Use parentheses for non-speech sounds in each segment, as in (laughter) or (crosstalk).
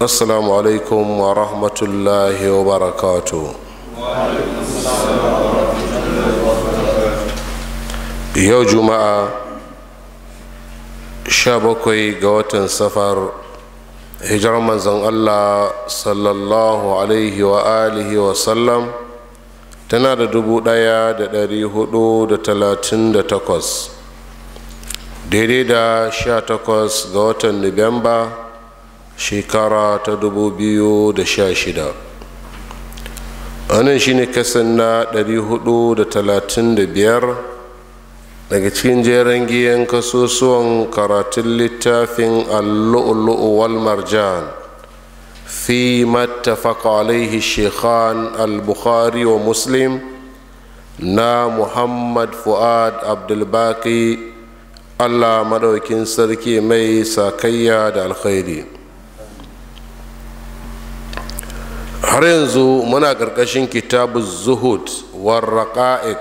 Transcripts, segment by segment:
assalamu alaikum wa rahmatullahi wa barakatu yau juma'a 17 ga watan safar hijar manzon allah sallallahu alaihi wa alihi wa sallam tana da dubu ɗaya da dari hudu da talatin da takwas daidai da sha takwas ga watan nuwamba shekara ta 2016 wannan shine kasan na 435 daga cikin jeren giyan kasusuwan karatun littafin allu'ulu'u wal marjan fi mattafaqa alaihi shekhan al-bukhari wa muslim na muhammad fu'ad abdulbaki allah madaukin sarki mai sakayya da alkhairi har yanzu muna ƙarƙashin kitabu zuhud warraƙa'ik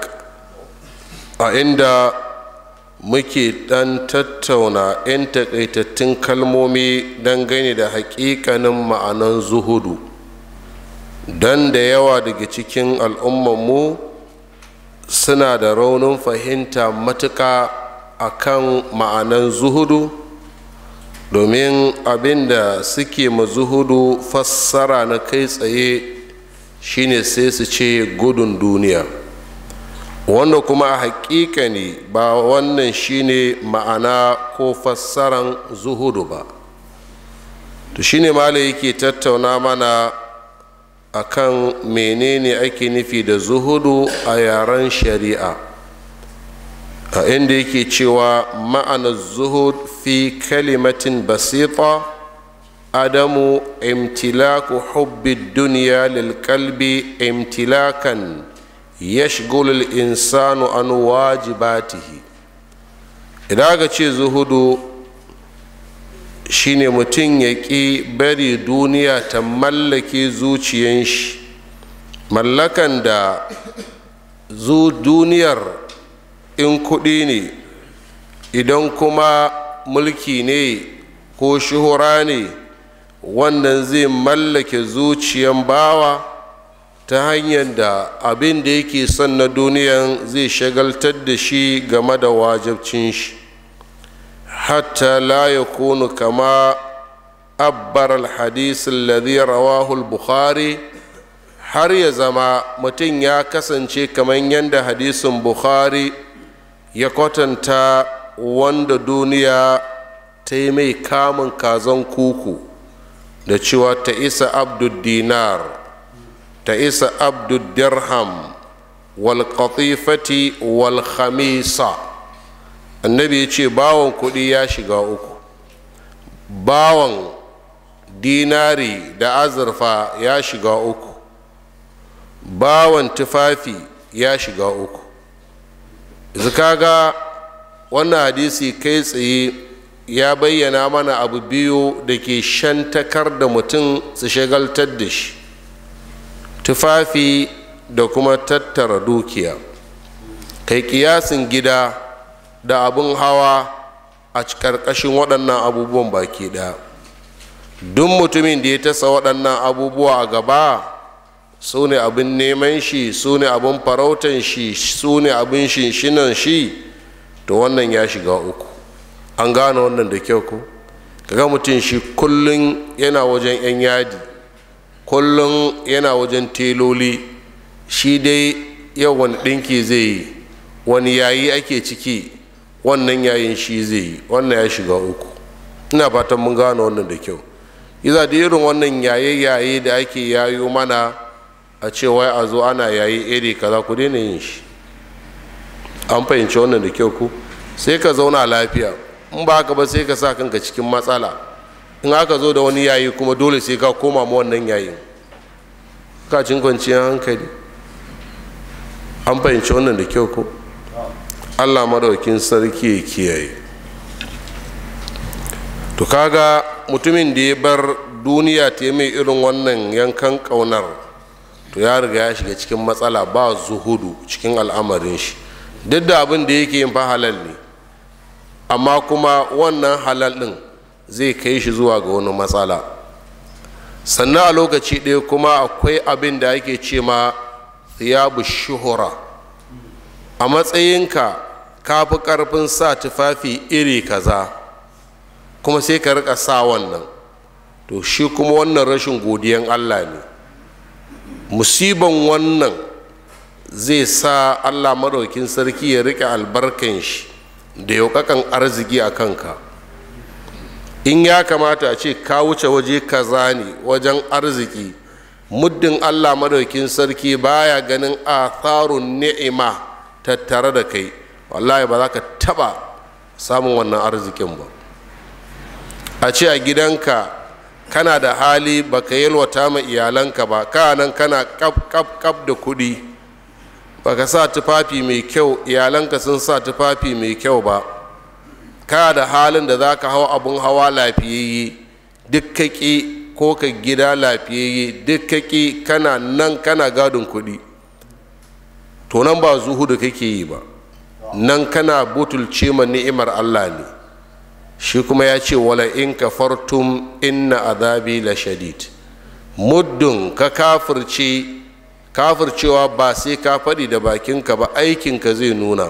a inda muke ɗan tattauna 'yan taƙaitattun kalmomi dangane da haƙiƙanin ma'anan zuhudu don da yawa daga cikin al'ummanmu suna da raunin fahimta matuƙa akan ma'anan zuhudu domin abin da suke mazuhudu fassara na kai tsaye shine sai su ce gudun duniya wanda kuma a hakika ne ba wannan shine ma'ana ko fassaran zuhudu ba to shine malai yake tattauna mana akan menene ake nufi da zuhudu a yaren shari'a a inda yake cewa ma'anar zuhud fi kalimatin basita adamu imtilaku hubbi duniya lilkalbi imtilakan shigolil insanu an wajibatihi idan aka ce zuhudu shine mutum ya ƙi bari duniya ta mallake zuciyan shi mallakan da zu duniyar in kuɗi ne idan kuma mulki ne ko shuhura ne wannan zai mallake zuciyan bawa ta hanyar da abin da yake son na duniyan zai shagaltar da shi game da wajabcin shi hatta la ya kama abbar alhadis alladhi rawahu buhari har ya zama mutum ya kasance kamar yadda hadisin bukhari ya kwatanta wanda duniya ta yi mai kamun kazan kuku da cewa ta isa abdul dinar ta isa abdul dirham wal qatifati wal khamisa annabi ya ce bawon kuɗi ya shiga uku bawon dinari da azurfa ya shiga uku bawon tufafi ya shiga uku Zukaga, wannan hadisi kai tsaye ya bayyana mana abu biyu da ke shantakar da mutum su shagaltar da shi tufafi da kuma tattara dukiya kai kiyasin gida da abin hawa a ƙarƙashin waɗannan abubuwan baki ɗaya duk mutumin da ya tasa waɗannan abubuwa a gaba su ne abin neman shi su ne abin farautan shi su ne abin shinshinan shi to wannan ya shiga uku an gane wannan da kyau ko kaga mutum shi kullum yana wajen 'yan yadi kullum yana wajen teloli shi dai yau wani ɗinki zai yi wani yayi ake ciki wannan yayin shi zai yi wannan ya shiga uku ina fatan mun gane wannan da kyau iza da irin wannan yaye-yaye da ake yayo mana a ce wai a zo ana yayi iri kaza ku daina yin shi an fahimci wannan da kyau ku sai ka zauna lafiya in ba haka ba sai ka sa kanka cikin matsala in aka zo da wani yayi kuma dole sai ka koma ma wannan yayin ka cin kwanciyar hankali an fahimci wannan da kyau ku allah madaukin sarki ya kiyaye to kaga mutumin da ya bar duniya ta yi mai irin wannan yankan ƙaunar to ya riga ya shiga cikin matsala ba zuhudu cikin al'amarin shi duk da abin da yake yin fa halal ne amma kuma wannan halal ɗin zai kai shi zuwa ga wani matsala sannan a lokaci ɗaya kuma akwai abin da ake ce ma thiyabu shuhura a matsayinka ka fi ƙarfin sa tufafi iri kaza kuma sai ka rika sa wannan to shi kuma wannan rashin godiyan allah ne musiban wannan zai sa allah maɗaukin sarki ya riƙe albarkan shi da yaukakan arziki a kanka in ya kamata a ce ka wuce waje kaza ne wajen arziki muddin allah maɗaukin sarki baya ganin atharun ni'ima tattare da kai wallahi ba za ka taɓa samun wannan arzikin ba a ce a gidanka kana da hali ba baka yalwata ma iyalanka ba kanan kana kap kap kap da kuɗi ka sa tufafi mai kyau iyalanka sun sa tufafi mai kyau ba ka da halin da za ka hau abun hawa lafiyayye duk kaƙi ko ka gida lafiyayye duk kaƙi kana nan kana gadon kuɗi to nan ba zuhudu kake yi ba nan kana butulce ma ni'imar allah ne shi kuma ya ce wala in ka kafartum inna azabi la shadid muddin ka kafirce kafircewa ba sai ka faɗi da bakinka ba aikinka zai nuna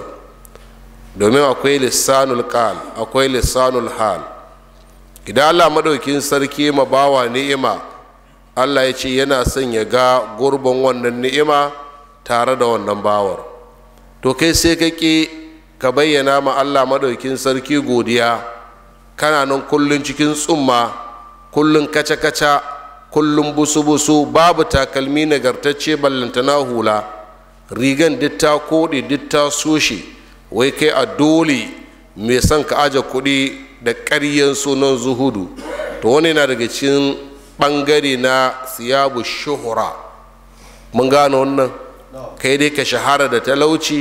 domin akwai lissanul qal akwai lissanul hal idan allah maɗaukin sarki ma bawa ni'ima allah ya ce yana son ya ga gurbin wannan ni'ima tare da wannan bawar to kai sai ka ƙi ka bayyana ma allah maɗaukin sarki godiya kana nan kullum cikin tsumma kullum kaca-kaca kullum busu-busu babu takalmi nagartacce na hula rigan duk ta koɗe duk ta soshe wai kai a dole mai son ka aje kuɗi da ƙaryen sunan zuhudu to wani na daga cikin ɓangare na siyabu shuhura mun gano wannan kai dai ka shahara da talauci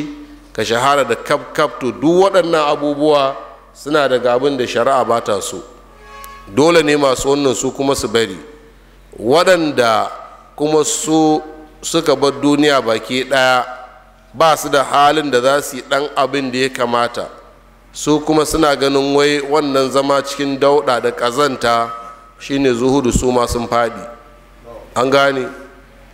ka shahara da kaf to duk waɗannan abubuwa suna da gabin da shari'a ba ta so dole ne masu wannan su kuma su bari waɗanda kuma su suka bar duniya baki ɗaya ba su da halin da za su yi ɗan abin da ya kamata su kuma suna ganin wai wannan zama cikin dauɗa da ƙazanta shine zuhudu su ma sun faɗi an gane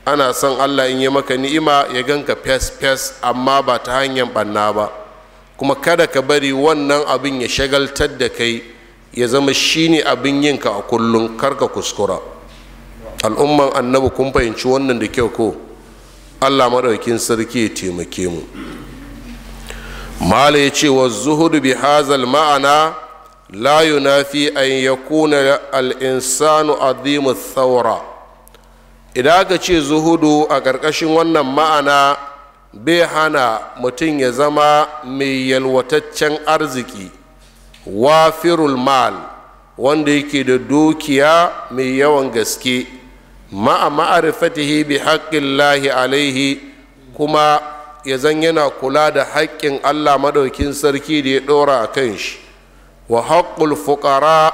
ana son allah in yi maka ni'ima ya ganka fes fes amma ba ta hanyar ɓanna ba kuma kada ka bari wannan abin ya shagaltar da kai ya zama shi ne abin yinka a kullum karka kuskura al'umman annabi kun fahimci wannan da kyau ko allah maɗaukin sarki ya taimake mu mala ya ce wa zuhudu bi hazal ma'ana la yunafi an yakuna al'insanu azimu thawra idan aka ce zuhudu a ƙarƙashin wannan ma'ana bai hana mutum ya zama mai yalwataccen arziki wafirul mal wanda yake da dukiya mai yawan gaske ma'a ma'arifatihi bi haƙƙillahi alaihi kuma ya zan yana kula da haƙƙin allah maɗaukin sarki da ya ɗora a kan shi wa haƙƙul fuƙara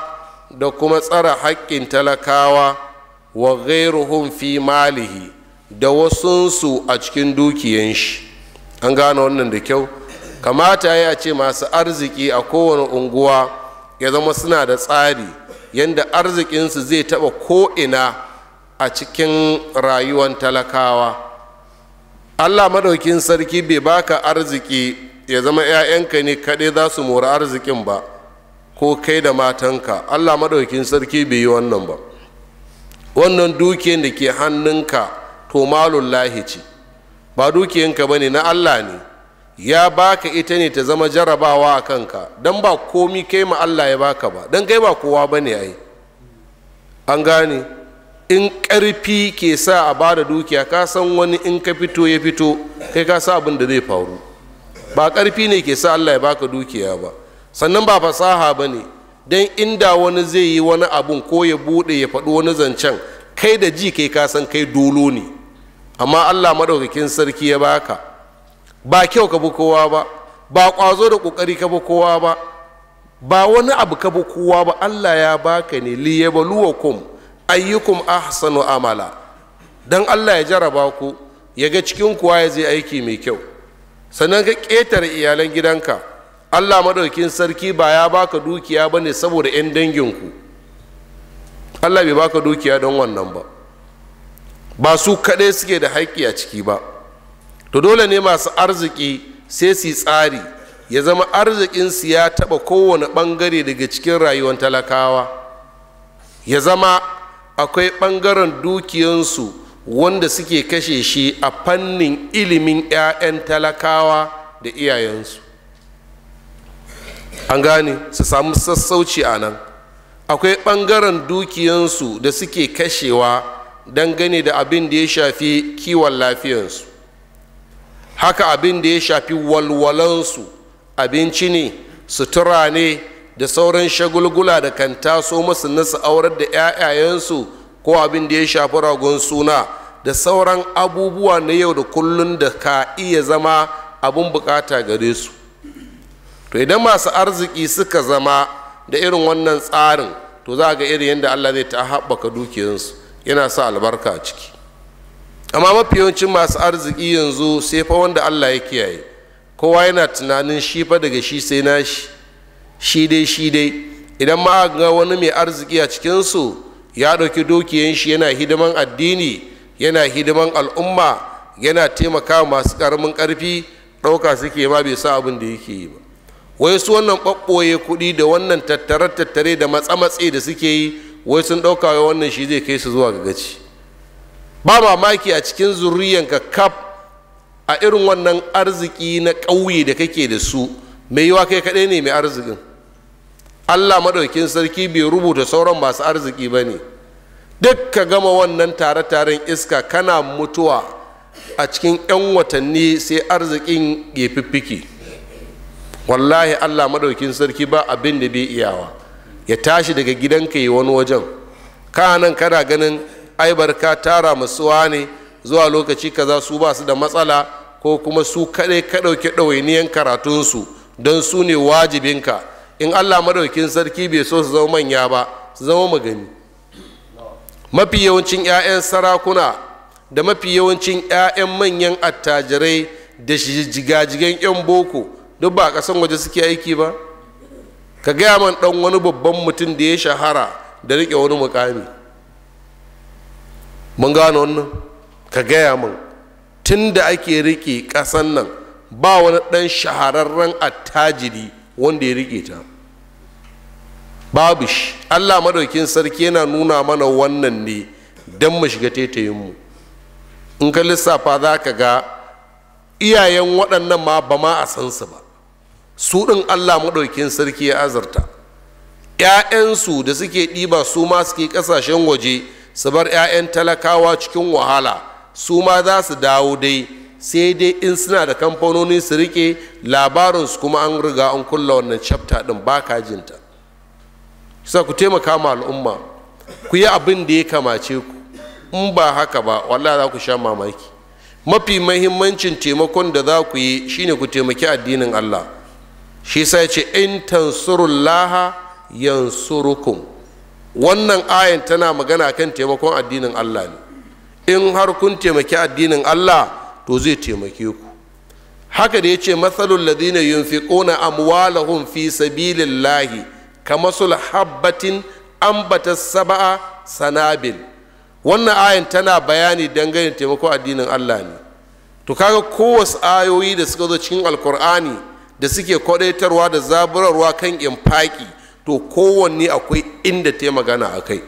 da kuma tsara haƙƙin talakawa wa ghairuhum fi malihi da wasunsu a cikin dukiyan shi an gane wannan da kyau kamata ya ce masu arziki a kowane unguwa ya zama suna da tsari yadda arzikinsu zai taɓa ko'ina a cikin rayuwan talakawa allah maɗaukin sarki bai baka arziki ya zama 'ya'yanka ne kaɗai za su mori arzikin ba ko kai da matanka allah maɗaukin sarki bai yi wannan ba wannan dukiyar da ke hannunka to malullahi ce ba dukiyanka ba ne na allah ne ya baka ita ne ta zama jarabawa a kanka don ba komi kai ma allah ya baka ba don kai ba kowa ba ne ai an gane in ƙarfi ke sa a ba da dukiya ka san wani in ka fito ya fito kai ka sa abin da zai faru ba ƙarfi ne ke sa allah ya baka dukiya ba sannan ba fasaha ba ne don inda wani zai yi wani abun ko ya buɗe ya faɗi wani zancen kai da ji kai ka san kai dolo ne amma allah maɗaukakin sarki ya baka ba kyau ka bi kowa ba ba ƙwazo da ƙoƙari ka bi kowa ba ba wani abu ka bi kowa ba allah ya baka ne liyabaluwakum ayyukum ahsanu amala dan allah ya jaraba ku ya ga cikin kuwa ya zai aiki mai kyau sannan ka ƙetare iyalan gidanka allah maɗaukin sarki ba ya baka dukiya ba ne saboda 'yan danginku allah bai baka dukiya don wannan ba ba su kaɗai suke da haƙƙi a ciki ba to dole ne masu arziki sai su tsari ya zama arzikinsu ya taɓa kowane ɓangare daga cikin rayuwar talakawa ya zama akwai ɓangaren dukiyansu wanda suke kashe shi a fannin ilimin 'ya'yan talakawa da iyayensu an gane su samu sassauci a nan akwai ɓangaren dukiyansu da suke kashewa dangane da abin da ya shafi kiwon lafiyansu haka abin da ya shafi walwalansu abinci ne sutura ne da sauran shagulgula da kan taso masu nasu aurar da 'ya'yayensu ko abin da ya shafi ragon suna da sauran abubuwa na yau da kullun da ka iya zama abin bukata gare su to idan masu arziki suka zama da irin wannan tsarin to za ga irin yadda allah zai ta haɓaka dukiyarsu yana sa albarka a ciki amma mafi yawancin masu arziki yanzu sai fa wanda allah ya kiyaye kowa yana tunanin shi fa daga shi sai na shi shi dai shi dai idan ma ga wani mai arziki a cikinsu ya ɗauki dukiyan shi yana hidiman addini yana hidiman al'umma yana taimaka masu ƙaramin ƙarfi ɗauka suke ma bai sa abin da yake yi ba wai su wannan ɓaɓɓoye kuɗi da wannan tattare-tattare da matsa-matse da suke yi wai sun ɗauka wai wannan shi zai kai su zuwa ga gaci ba mamaki a cikin zuriyanka kaf a irin wannan arziki na ƙauye da kake da su mai yiwa kai kaɗai ne mai arzikin allah maɗaukin sarki bai rubuta sauran masu arziki ba ne duk ka gama wannan tare-taren iska kana mutuwa a cikin 'yan watanni sai arzikin ya fiffike wallahi allah maɗaukin sarki ba abin da bai iyawa ya tashi daga gidanka yi wani wajen kanan kana ganin ka tara masuwa ne zuwa lokaci kaza su basu da matsala ko kuma su kaɗai ka ɗauki ɗawainiyan karatunsu don su ne wajibinka in allah maɗaukin sarki bai so su zama manya ba su zama magani mafi yawancin 'ya'yan sarakuna da mafi yawancin 'ya'yan manyan attajirai da jigajigan 'yan boko duk ba a ƙasan waje suke aiki ba ka gaya man ɗan wani babban mutum da ya shahara da riƙe wani mukami mun gano wannan ka gaya man tun da ake riƙe ƙasan nan ba wani ɗan shahararren attajiri wanda ya riƙe ta babu shi allah madaukin sarki yana nuna mana wannan ne don mu shiga mu. in ka lissafa za ka ga iyayen waɗannan ma ba ma a san su ba su ɗin allah maɗaukin sarki ya azarta 'ya'yansu da suke ɗiba su ma suke ƙasashen waje su bar 'ya'yan talakawa cikin wahala su ma za su dawo dai sai dai in suna da kamfanoni su rike labarinsu kuma an riga an kulla wannan chapter ɗin ba ka jinta sa ku taimaka ma al'umma ku yi abin da ya kamace ku in ba haka ba wallahi za ku sha mamaki mafi mahimmancin taimakon da za ku yi shine ku taimaki addinin allah shi sai ce in tansurullaha yansurukum wannan ayin tana magana kan taimakon addinin Allah ne in har kun taimaki addinin Allah to zai taimake ku haka da ya yace mathalul ladina yunfiquna amwalahum fi sabilillahi kamasul habbatin ambata sab'a sanabil wannan ayin tana bayani dangane taimakon addinin Allah ne to kaga kowace ayoyi da suka zo cikin alkur'ani da suke kwadaitarwa da zaburarwa kan faƙi to kowanne akwai inda ta magana a kai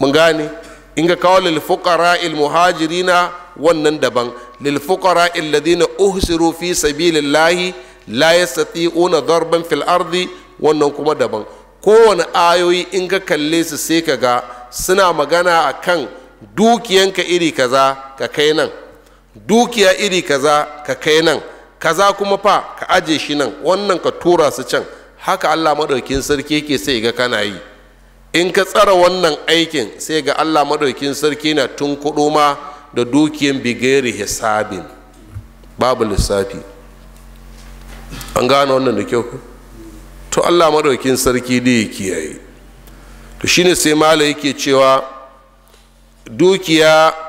mun gane in ga kawo lilfuqara muhajirina wannan daban lilfukara illadina uhsiru fi sabilillahi la yastati'una darban fil ardi wannan kuma daban kowane ayoyi in ka kalle su sai ka ga suna magana a kan dukiyanka iri kaza ka kai nan dukiya iri kaza ka kai nan kaza kuma fa ka aje shi nan wannan ka tura su can haka allah maɗaukin sarki yake sai ga kana yi in ka tsara wannan aikin sai ga allah maɗaukin sarki na tun kuɗo ma da dukiyan bigeri hisabin babu lissafi an gane wannan da kyau to allah maɗaukin sarki da ya kiyaye to shine sai mala yake cewa dukiya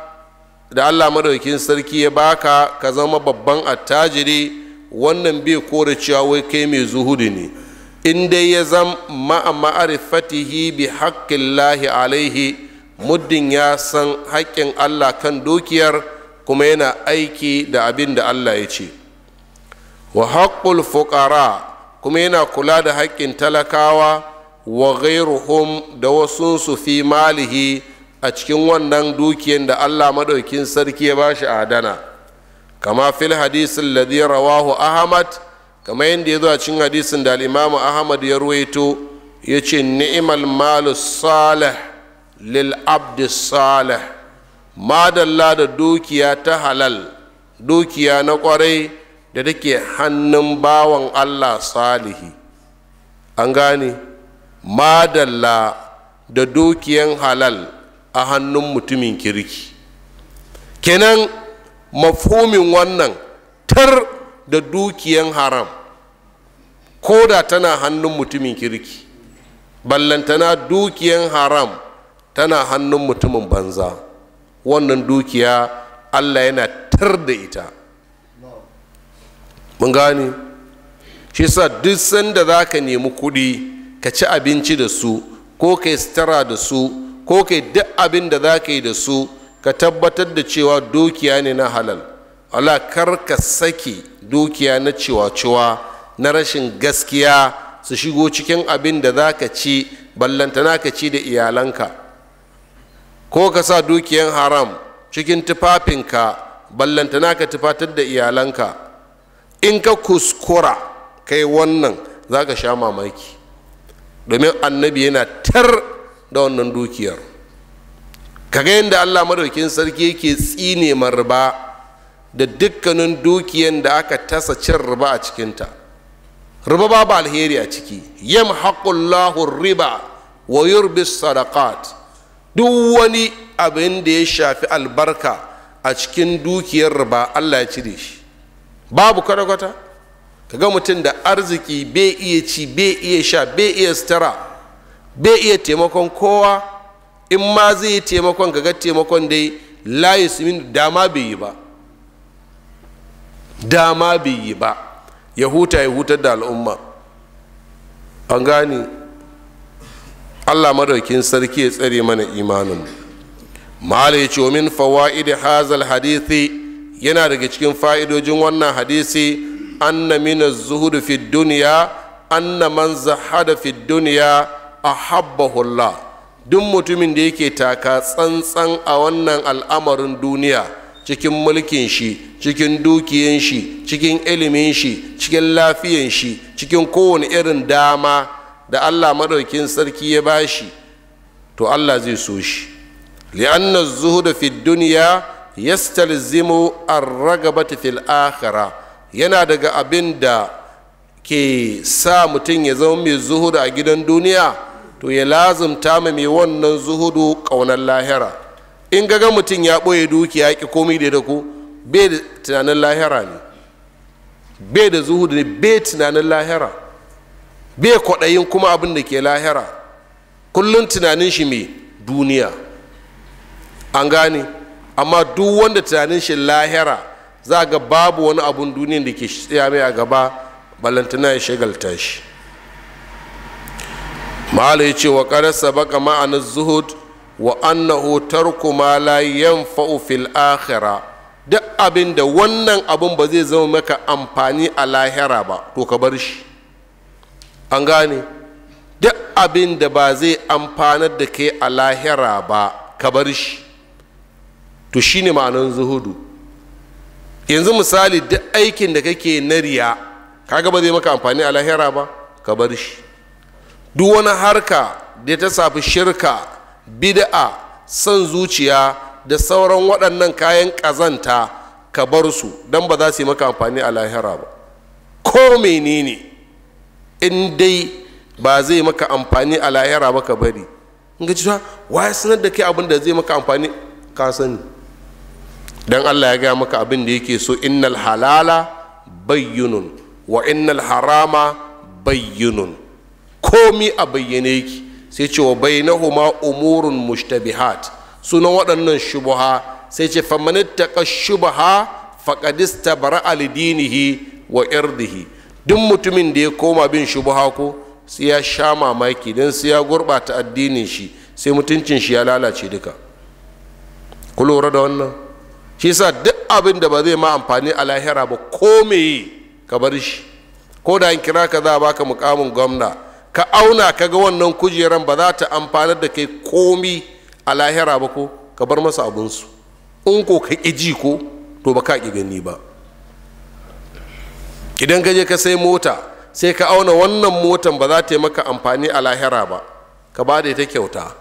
da allah madaukin sarki ya baka ka zama babban attajiri wannan bai kore cewa wai kai mai zuhudi ne in dai ya zam ma'a ma'arifatihi bi haƙƙillahi alaihi muddin ya san haƙƙin allah kan dukiyar kuma yana aiki da abin da allah ya ce wa haƙƙul fuƙara kuma yana kula da haƙƙin talakawa wa ghairuhum da wasunsu fi malihi a cikin wannan dukiyar da allah maɗaukin sarki ya ba shi adana kama fil hadisin ladhi rawahu ahmad kama yadda ya zo a cikin hadisin da al'imamu ahmad ya ruwaito ya ce ni'imal malu salih lil abdi salih madalla da dukiya ta halal dukiya na kwarai da take hannun bawan allah salihi an gane madalla da dukiyan halal a hannun mutumin kirki kenan mafhumin wannan tar da dukiyan haram ko da tana hannun mutumin kirki ballantana dukiyan haram tana hannun mutumin banza wannan dukiya allah yana tar da ita mun gane shi sa duk sanda za ka nemi kuɗi ka ci abinci da su ko ka yi sutura da su ko kai duk abin da za ka yi da su ka tabbatar da cewa dukiya ne na halal Allah kar ka saki dukiya na cewa cewa na rashin gaskiya su shigo cikin abin da za ka ci ballantana ka ci da iyalanka ko ka sa dukiyan haram cikin tufafinka ballantana ka tufatar da iyalanka in ka kuskura kai wannan za ka sha mamaki domin annabi yana tar da wannan dukiyar kaga yadda allah madaukin sarki yake tsine ma riba da dukkanin dukiyar da aka tasa cin riba a cikinta riba ba alheri a ciki yam haƙullahu riba wa yurbi sadaqat duk wani abin da ya shafi albarka a cikin dukiyar riba allah ya cire shi babu kwata-kwata kaga mutum da arziki bai iya ci bai iya sha bai iya sutura bai iya taimakon kowa in ma zai yi taimakon ga taimakon dai su min dama bai yi ba dama bai yi ba ya huta ya hutar da al'umma an gane allah madaukin sarki ya tsare mana imanin mala ya ce min fawa'id hazal hadithi yana daga cikin fa'idojin wannan hadisi na min zuhudu fi duniya na manza hada fi duniya ahabbahullah duk mutumin da yake taka tsantsan a wannan al'amarin duniya cikin mulkin shi cikin dukiyan shi cikin ilimin shi cikin lafiyan shi cikin kowane irin dama da allah maɗaukin sarki ya bashi to allah zai so shi li'anna zuhuda fi duniya yastalzimu ar-ragabata fil akhirah yana daga abin da ke sa mutum ya zama mai zuhuda a gidan duniya to ya lazumta ma mai wannan zuhudu ƙaunar lahira in gaga mutum ya ɓoye dukiya ki komi da ku bai da tunanin lahira ne bai da zuhudu ne bai tunanin lahira bai kwaɗayin kuma abin da ke lahira kullum tunanin shi mai duniya an gane amma duk wanda tunanin shi lahira za ga babu wani abun duniya da ke tsaya mai a gaba ballantana ya shagalta shi malai ce wa kada baka ma'anar zuhud wa annahu tarku ma la yanfa'u fil akhira duk abin da wannan abin ba zai zama maka amfani a lahira ba to ka bar shi an gane duk abin da ba zai amfanar da ke a lahira ba ka bar shi to shine ma'anar zuhudu yanzu misali duk aikin da kake na riya kaga ba zai maka amfani a lahira ba ka bar shi duk wani harka da ta safi shirka bid'a son zuciya da sauran waɗannan kayan ƙazanta ka bar su don ba za su yi maka amfani a lahira ba ko menene in dai ba zai maka amfani a lahira ba ka bari in ga cewa waya sanar da kai abin da zai maka amfani ka sani don allah ya gaya maka abin da yake so innal halala bayyunun wa innal harama bayyunun komi a bayyane yake sai ce wa bainahuma umurun mushtabihat sunan waɗannan shubuha sai ce faman ittaqa shubha faqad istabara'a lidinihi wa irdihi duk mutumin da ya koma bin shubuha ko sai ya sha mamaki don sai ya gurɓata addinin shi sai mutuncin shi ya lalace duka ku lura da wannan shi sa duk abin da ba zai ma amfani a lahira ba ko me ka bar shi ko da an kira ka za a baka mukamin gwamna ka auna ka ga wannan kujeran ba za ta amfanar da kai komi a lahira ba ko ka bar masa abinsu in ko ka ƙi ko to ba ka ƙi gani ba idan ka je ka sai mota sai ka auna wannan motan ba za ta yi maka amfani a lahira ba ka ba da ita kyauta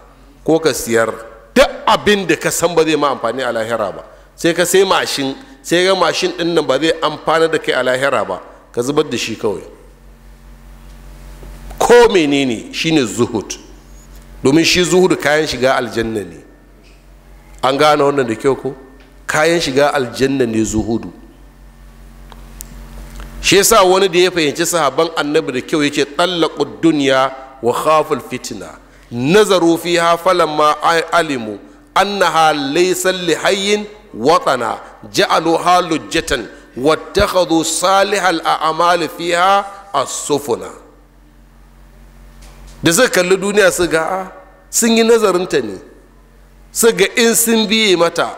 ko ka siyar duk abin da ka san ba zai ma amfani a lahira ba sai ka sai mashin sai ga mashin ɗin ba zai amfana da kai a lahira ba ka zubar da shi kawai ko menene shine zuhud domin shi zuhud kayan shiga aljanna ne an gane wannan da kyau ko kayan shiga aljanna ne zuhudu shi yasa wani da ya fahimci sahabban annabi da kyau yace tallaqu dunya wa khaful fitna nazaru fiha falamma alimu annaha laysa lihayyin watana ja'alu halujatan wattakhadhu salihal a'mal fiha as-sufuna da suka kalli duniya su ga a ah, sun yi nazarinta ne su ga in sun biye mata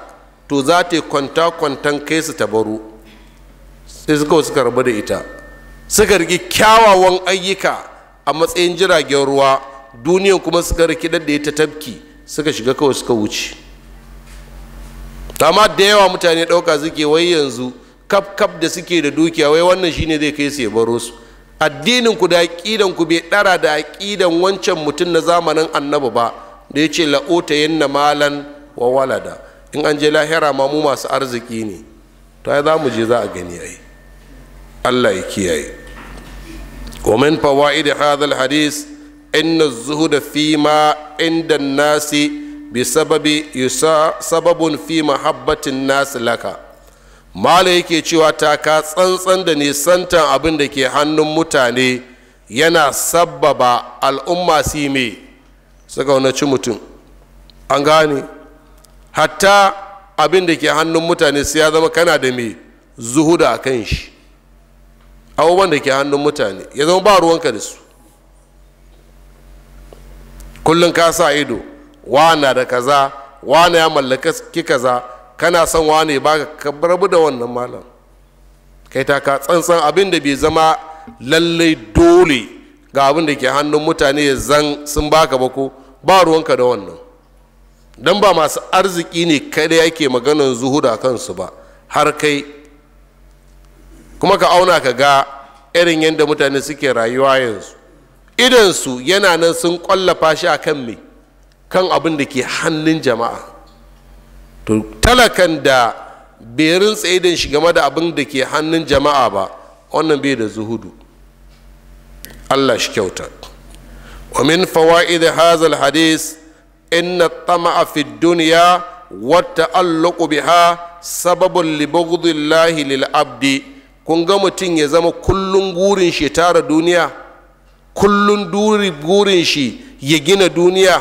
to za ta yi kwanta-kwantan kai su tabaru sai suka suka rabu da ita suka rike kyawawan ayyuka a matsayin jiragen ruwa duniyan kuma suka rikidar da ta tafki suka shiga kawai suka wuce amma da yawa mutane ɗauka suke wai yanzu kaf kaf da suke da dukiya wai wannan shine zai kai su ya baro su addinin ku da aqidan ku bai ɗara da aqidan wancan mutum na zamanin annabi ba da yace la'uta yanna malan wa walada in an je lahira ma mu masu arziki ne to ai za mu je za a gani ai Allah ya kiyaye wa min fawaid hadha alhadith inna az-zuhd fi ma inda an-nasi sababi yusa sababun fi mahabbatin nas laka malam yake cewa ta ka tsantsan da nisantan abin da ke hannun mutane yana sabbaba al'umma su yi suka wani mutum an gane hatta abin da ke hannun mutane sai ya zama kana da mai zuhuda a kan shi abubuwan da ke hannun mutane ya zama ba ruwanka da su kullum ka sa ido wana da kaza wana ya mallaka ki kaza kana son wane ba ka rabu da wannan malam kai ta ka tsantsan abin da bai zama lallai dole ga abin da ke hannun mutane ya zan sun baka ba ko ba ruwanka da wannan don ba masu arziki ne kada yake maganan zuhuda kansu ba har kai kuma ka auna ka ga irin yadda mutane suke rayuwa yanzu idansu yana nan sun kwallafa shi a kan mai kan abin da ke hannun jama'a to talakan da bai rintsa idan shi game da abin da ke hannun jama'a ba wannan bai da zuhudu allah shi kyauta wa min fawaid hazal hadis inna tama'a fi dunya wa ta'alluqu biha sababun li bughdillahi lil abdi kun ga mutum ya zama kullun gurin shi tara duniya kullun duri gurin shi ya gina duniya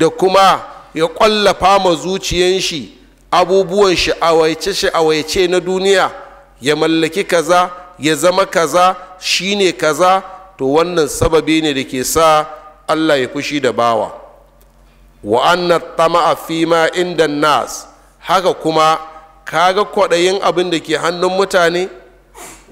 da kuma ya ƙwallafa ma zuciyan shi abubuwan sha'awaice sha'awaice na duniya ya mallaki kaza ya zama kaza shine kaza to wannan sababi ne da ke sa allah ya fushi da bawa wa anna tama'a fi ma inda nas haka kuma kaga kwaɗayin abin da ke hannun mutane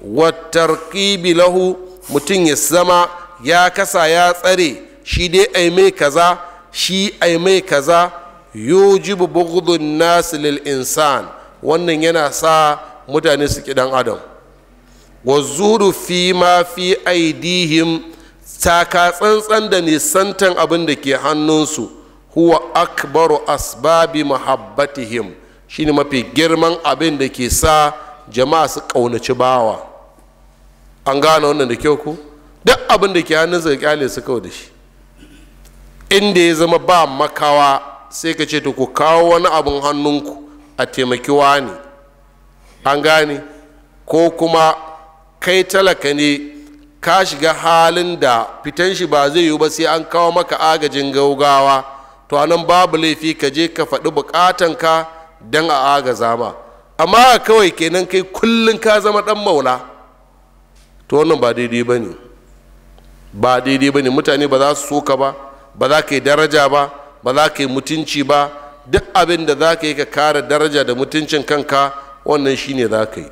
wattarkibi lahu mutum ya zama ya kasa ya tsare shi dai ai mai kaza shi ai mai kaza yujibu bughdun nas lil insan wannan yana sa mutane su ki adam wa zuru fi ma fi aidihim taka tsantsan da nisantan abin da ke hannunsu huwa akbaru asbabi mahabbatihim shine mafi girman abin da ke sa jama'a su ƙaunaci bawa an gane wannan da kyau ku duk abin da ke hannunsu ga kyale su kawo da shi inda ya zama ba makawa sai ka ce ta ku kawo wani abin hannunku a taimaki wani an gane ko kuma kai talaka ne ka shiga halin da fitan shi ba zai yiwu ba sai an kawo maka agajin gaugawa to anan babu laifi ka je ka faɗi buƙatanka don a agaza ma amma kawai kenan kai kullum ka zama ɗan maula to wannan ba daidai ba ne ba daidai ba ne mutane ba za su so ba ba za ka yi daraja ba ba za ka yi mutunci ba duk abin da za ka yi ka kara daraja da mutuncin kanka wannan shi ne za ka yi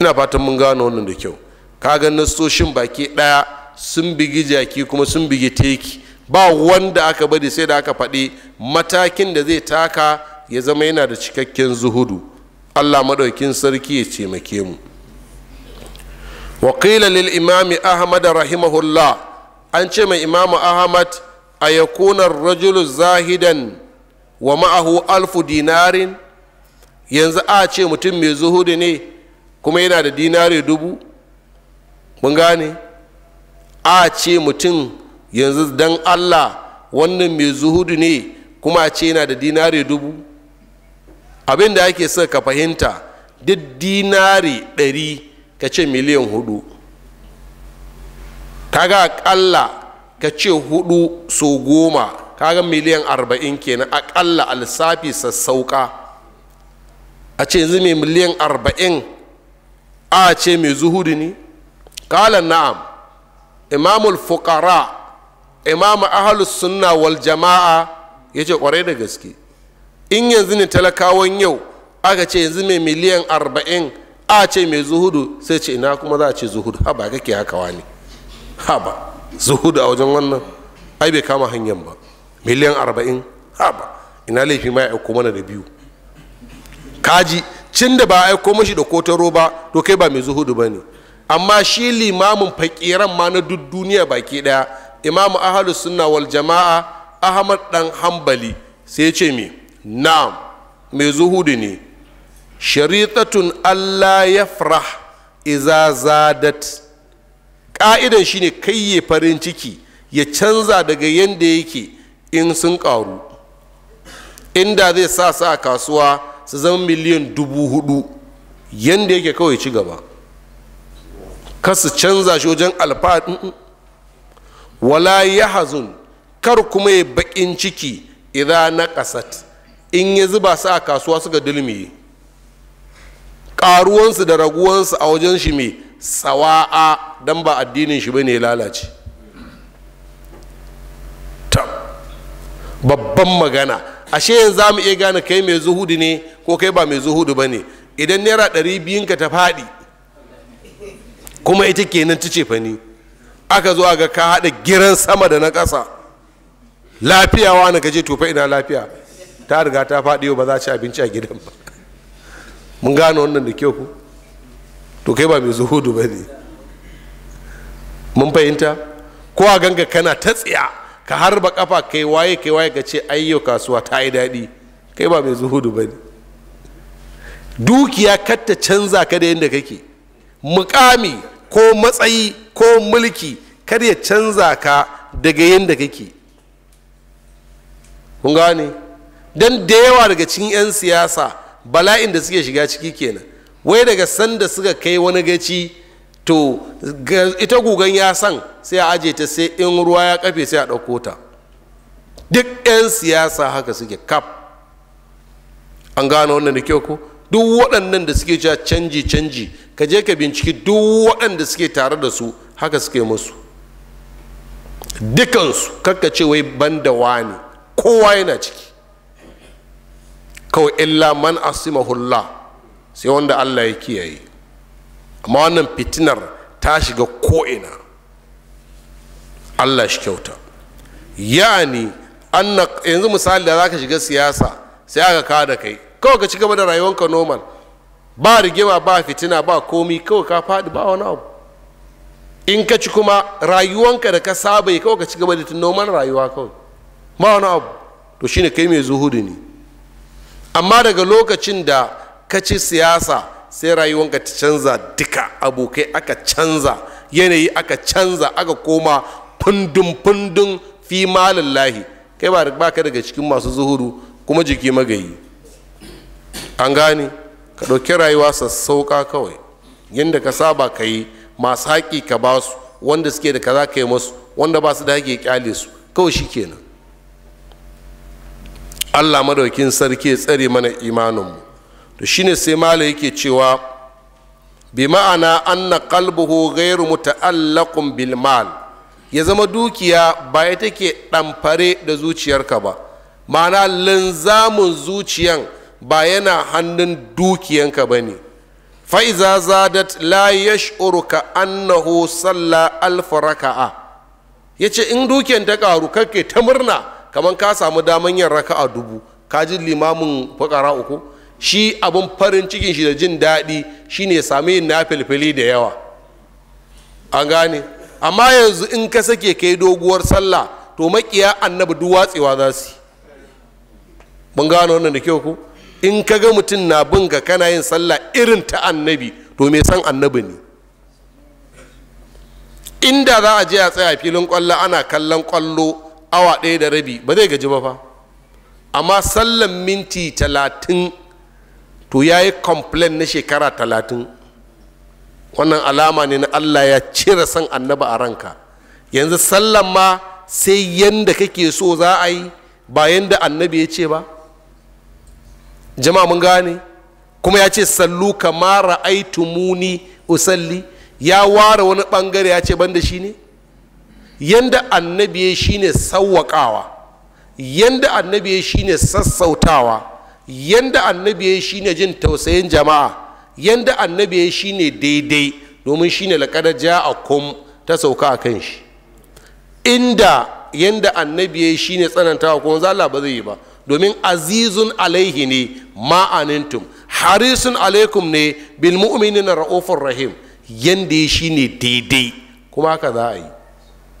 ina fatan mun gano wannan da kyau ka kaga nassoshin baki ɗaya sun bigi jaki kuma sun bigi teki ba wanda aka bari sai da aka faɗi matakin da zai taka ya zama yana da cikakken zuhudu allah maɗaukin sarki ya taimake mu wakila lil imami ahmad rahimahullah an ce mai imamu ahmad a yakunar rajulu zahidan wa ma'ahu alfu dinarin yanzu a ce mutum mai zuhudi ne kuma yana da dinari dubu mun gane a ce mutum yanzu dan allah wannan mai zuhudu ne kuma a ce yana da dinari dubu abin da ake sa ka fahimta duk dinari ɗari ka ce miliyan hudu kaga akalla ka ce hudu so goma kaga miliyan arba'in kenan akalla lissafi sassauka a ce yanzu mai miliyan arba'in a ce mai zuhudu ne kala na'am imamul fukara imam ahalus sunna wal jama'a ya ce kwarai da gaske in yanzu ne talakawan yau aka ce yanzu mai miliyan arba'in a ce mai zuhudu sai ce ina kuma za a ce zuhudu ha ba kake haka wani haba zuhudu a wajen wannan ai bai kama hanyar ba miliyan arba'in haba ina laifi ma ya aiko mana da biyu kaji cin da ba aiko mashi da kotaro ba to kai ba mai zuhudu ba ne amma shi limamin fakiran ma na duk duniya baki daya imamu ahalu sunna wal jama'a ahmad dan hambali sai ce me na'am mai zuhudu ne sharitatun allah ya farah iza zadat ƙa'idan shine kai ya farin ciki ya canza daga yadda yake in sun ƙaru inda zai sa sa a kasuwa su zama miliyan dubu hudu yadda yake kawai ci gaba kasu canza shi wajen alfa'in wala ya hazun kar kuma ya baƙin ciki idan na ƙasat in ya zuba sa a kasuwa suka dulmiye ƙaruwansu da raguwansu a wajen shi mai sawa'a don ba addinin shi bane lalace babban magana ashe yanzu za mu iya gane kai mai zuhudu ne ko kai ba mai zuhudu ba ne idan naira ɗari biyun ka ta faɗi kuma ita kenan ta ce ni aka zo ga ka haɗa giran sama da na ƙasa lafiya wani ka je tufa ina lafiya ta riga ta faɗi ba za ci abinci a gidan ba mun gane wannan da kyau ku to kai ba mai zuhudu ba ne mun fahimta ko a ganga kana ta tsiya ka harba kafa kai waye kai waye ka ce ayyo kasuwa ta yi daɗi kai ba mai zuhudu ba ne dukiya katta canza ka da yadda kake mukami ko matsayi ko mulki kar ya canza ka daga yadda kake kun gane don da yawa daga cikin 'yan siyasa bala'in da suke shiga ciki kenan wai daga sanda suka kai wani gaci to ita gugan ya san sai a aje ta sai in ruwa ya kafe sai a ɗauko ta duk 'yan siyasa haka suke kaf an gano wannan da kyau ko duk waɗannan da suke cewa canji canji ka je ka binciki duk waɗanda suke tare da su haka suke musu dukansu kakka ce wai banda wani kowa yana ciki kawai illa man asimahullah sai wanda allah ya kiyaye amma wannan fitinar ta shiga ko'ina allah shi kyauta yani yanzu misali da za ka shiga siyasa sai aka kada kai kawai ka ci da rayuwanka normal ba rigima ba fitina ba komi kawai ka faɗi ba wani abu in ka ci kuma rayuwanka da ka saba ya kawai ka ci gaba da noman rayuwa kawai ma wani abu to shine kai mai zuhudu ne amma daga lokacin da ka ci siyasa sai rayuwanka ta canza duka abokai aka canza yanayi aka canza aka koma fundun-fundun fi malin lahi kai ba ka daga cikin masu zuhuru kuma jiki magayi an gane ka ɗauki rayuwa sassauka kawai yadda ka saba ka yi masu haƙi ka ba su wanda suke da kaza ka yi masu wanda ba su da haƙi kyale su kawai shi kenan allah madaukin sarki ya tsare mana imaninmu to shine sai malai yake cewa bi ma'ana anna qalbuhu ghairu muta'allaqun bil mal ya zama dukiya ba ya take ɗamfare da zuciyarka ba ma'ana linzamun zuciyan ba yana hannun dukiyanka ba ne fa'iza zadat la yash'uru ka annahu salla alfa raka'a ya ce in dukiyan ta ƙaru kake ta murna kamar ka samu daman yin raka'a dubu ka ji limamin fakara uku shi abin farin cikin shi da jin daɗi shine ne sami yin na filfili da yawa an gane amma yanzu in ka sake kai doguwar sallah to makiya annabi duwatsewa za su mun gano wannan da kyau ku in ka ga mutum na bin ka kana yin sallah irin ta annabi to me san annabi ne inda za a je a tsaya filin kwallo ana kallon kwallo awa ɗaya da rabi ba zai gaji ba fa amma sallan minti talatin to ya yi complain na shekara talatin wannan alama ne na allah ya cire san annaba a ranka yanzu sallan ma sai yanda kake so za a yi ba yanda annabi ya ce ba jama'a mun gane kuma ya ce sallu kamara aitumuni usalli ya ware wani bangare ya ce banda shi ne yanda annabi ya shi ne sawwakawa yanda annabi ya shi ne sassautawa yanda annabi ya shine jin tausayin jama'a yanda annabi ya shine daidai domin shine laƙada ja a kum ta sauka a kan shi inda yanda annabi ya shine tsanantawa kuma za Allah ba zai yi ba domin azizun alaihi ne ma'anintum harisun alaikum ne bil mu'minina ra'ufur rahim yanda ya shine daidai kuma haka za a yi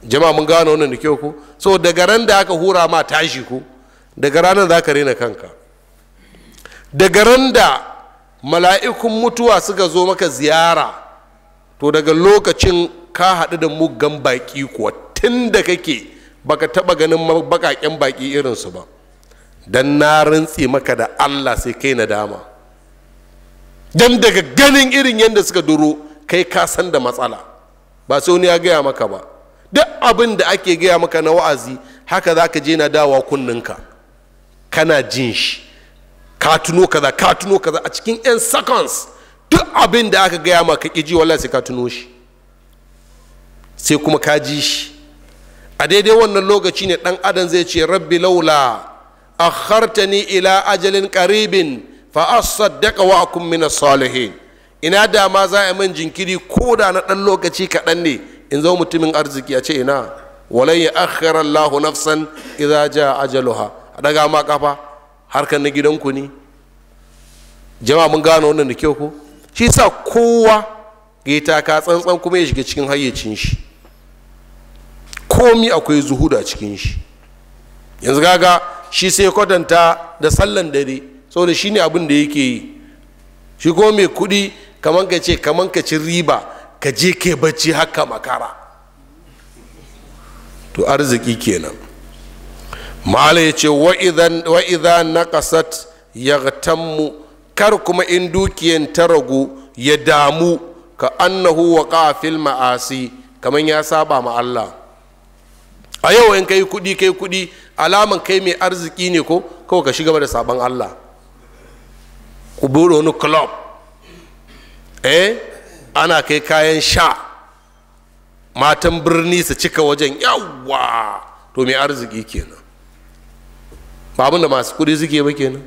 jama'a mun gano wannan da kyau ku so daga ran da aka hura ma tashi ku daga ranar za ka rena kanka daga ran da mala'ikun mutuwa suka zo maka ziyara to daga lokacin ka haɗu da mugan baƙi kuwa tun da kake baka taɓa ganin baƙaƙen baƙi irinsu ba don na rantse maka da allah sai kai na dama don daga ganin irin yadda suka duro kai ka san da matsala ba sai wani ya gaya maka ba duk abin da ake gaya maka na wa'azi haka za ka je na dawa kunninka kana jin shi ka tuno kaza ka tuno kaza a cikin 'yan seconds duk abin da aka gaya maka ƙiji wallahi sai ka tuno shi sai kuma ka ji shi a daidai wannan lokaci ne dan adam zai ce rabbi laula akhartani ila ajalin qaribin fa asaddaqa wa akum min salihin ina da ma za a min jinkiri ko da na dan lokaci kaɗan ne in zo mutumin arziki a ce ina walan ya akhara Allah nafsan idza jaa ajaluha daga ma kafa harkar na gidanku ne jama'a mun gano wannan da kyau ko shi sa kowa ya ka tsantsan kuma ya shiga cikin hayyacin shi komi akwai zuhuda cikin shi yanzu gaga shi sai kwatanta da sallan dare saboda shi ne abin da yake yi shi ko mai kuɗi kamar ka ce kaman ka ci riba ka je ke bacci haka makara to arziki kenan mala ya ce wa idha ya yaghtammu kar kuma in dukiyan ta ragu ya damu ka annahu wa ƙafil ma'asi kaman ya saba ma Allah a yau in kai kudi kai kudi alaman kai mai arziki ne ko kawai ka shiga da sabon Allah ku buru wani club eh ana kai kayan sha matan birni su cika wajen yawwa to mai arziki kenan ba da masu kuɗi suke ba kenan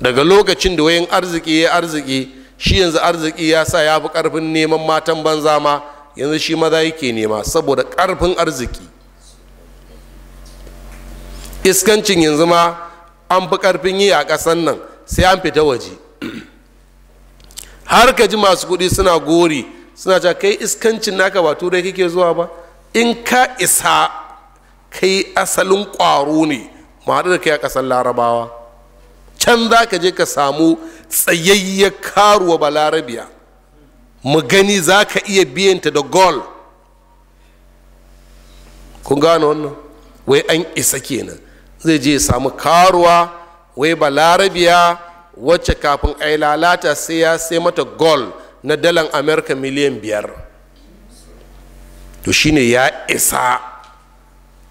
daga lokacin da wayan arziki ya arziki shi yanzu arziki ya sa ya fi ƙarfin neman matan banza ma yanzu shi maza yake nema saboda ƙarfin arziki iskancin yanzu ma an fi ƙarfin yi a ƙasan nan sai an fita waje har ka ji masu kuɗi suna gori suna cewa kai iskancin naka ba turai kake zuwa ba in ka isa kai asalin ƙwaro ne mu hadu da kai a ƙasar larabawa can za ka je ka samu tsayayyar karuwa balarabiya mu gani za ka iya biyanta da gol kun gane wannan wai an isa kenan zai je samu karuwa wai balarabiya wacce kafin yi lalata sai ya sai mata gol na dalan amerika miliyan biyar to shine ya isa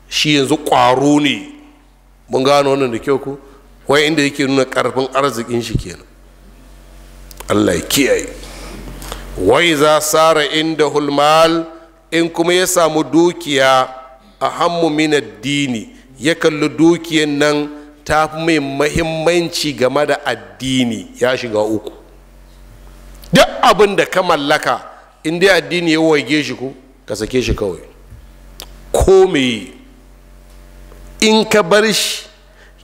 shi yanzu ƙwaro ne mun gano wannan da kyau ku wai inda yake nuna karfin arzikin shi kenan allah ya kiyaye wai za sara inda hulmal in kuma ya samu dukiya a hammu min addini ya kalli dukiyan nan ta fi mai mahimmanci game da addini ya shiga uku duk abin da ka mallaka in dai addini ya wage shi ku ka sake shi kawai ko me in ka bar shi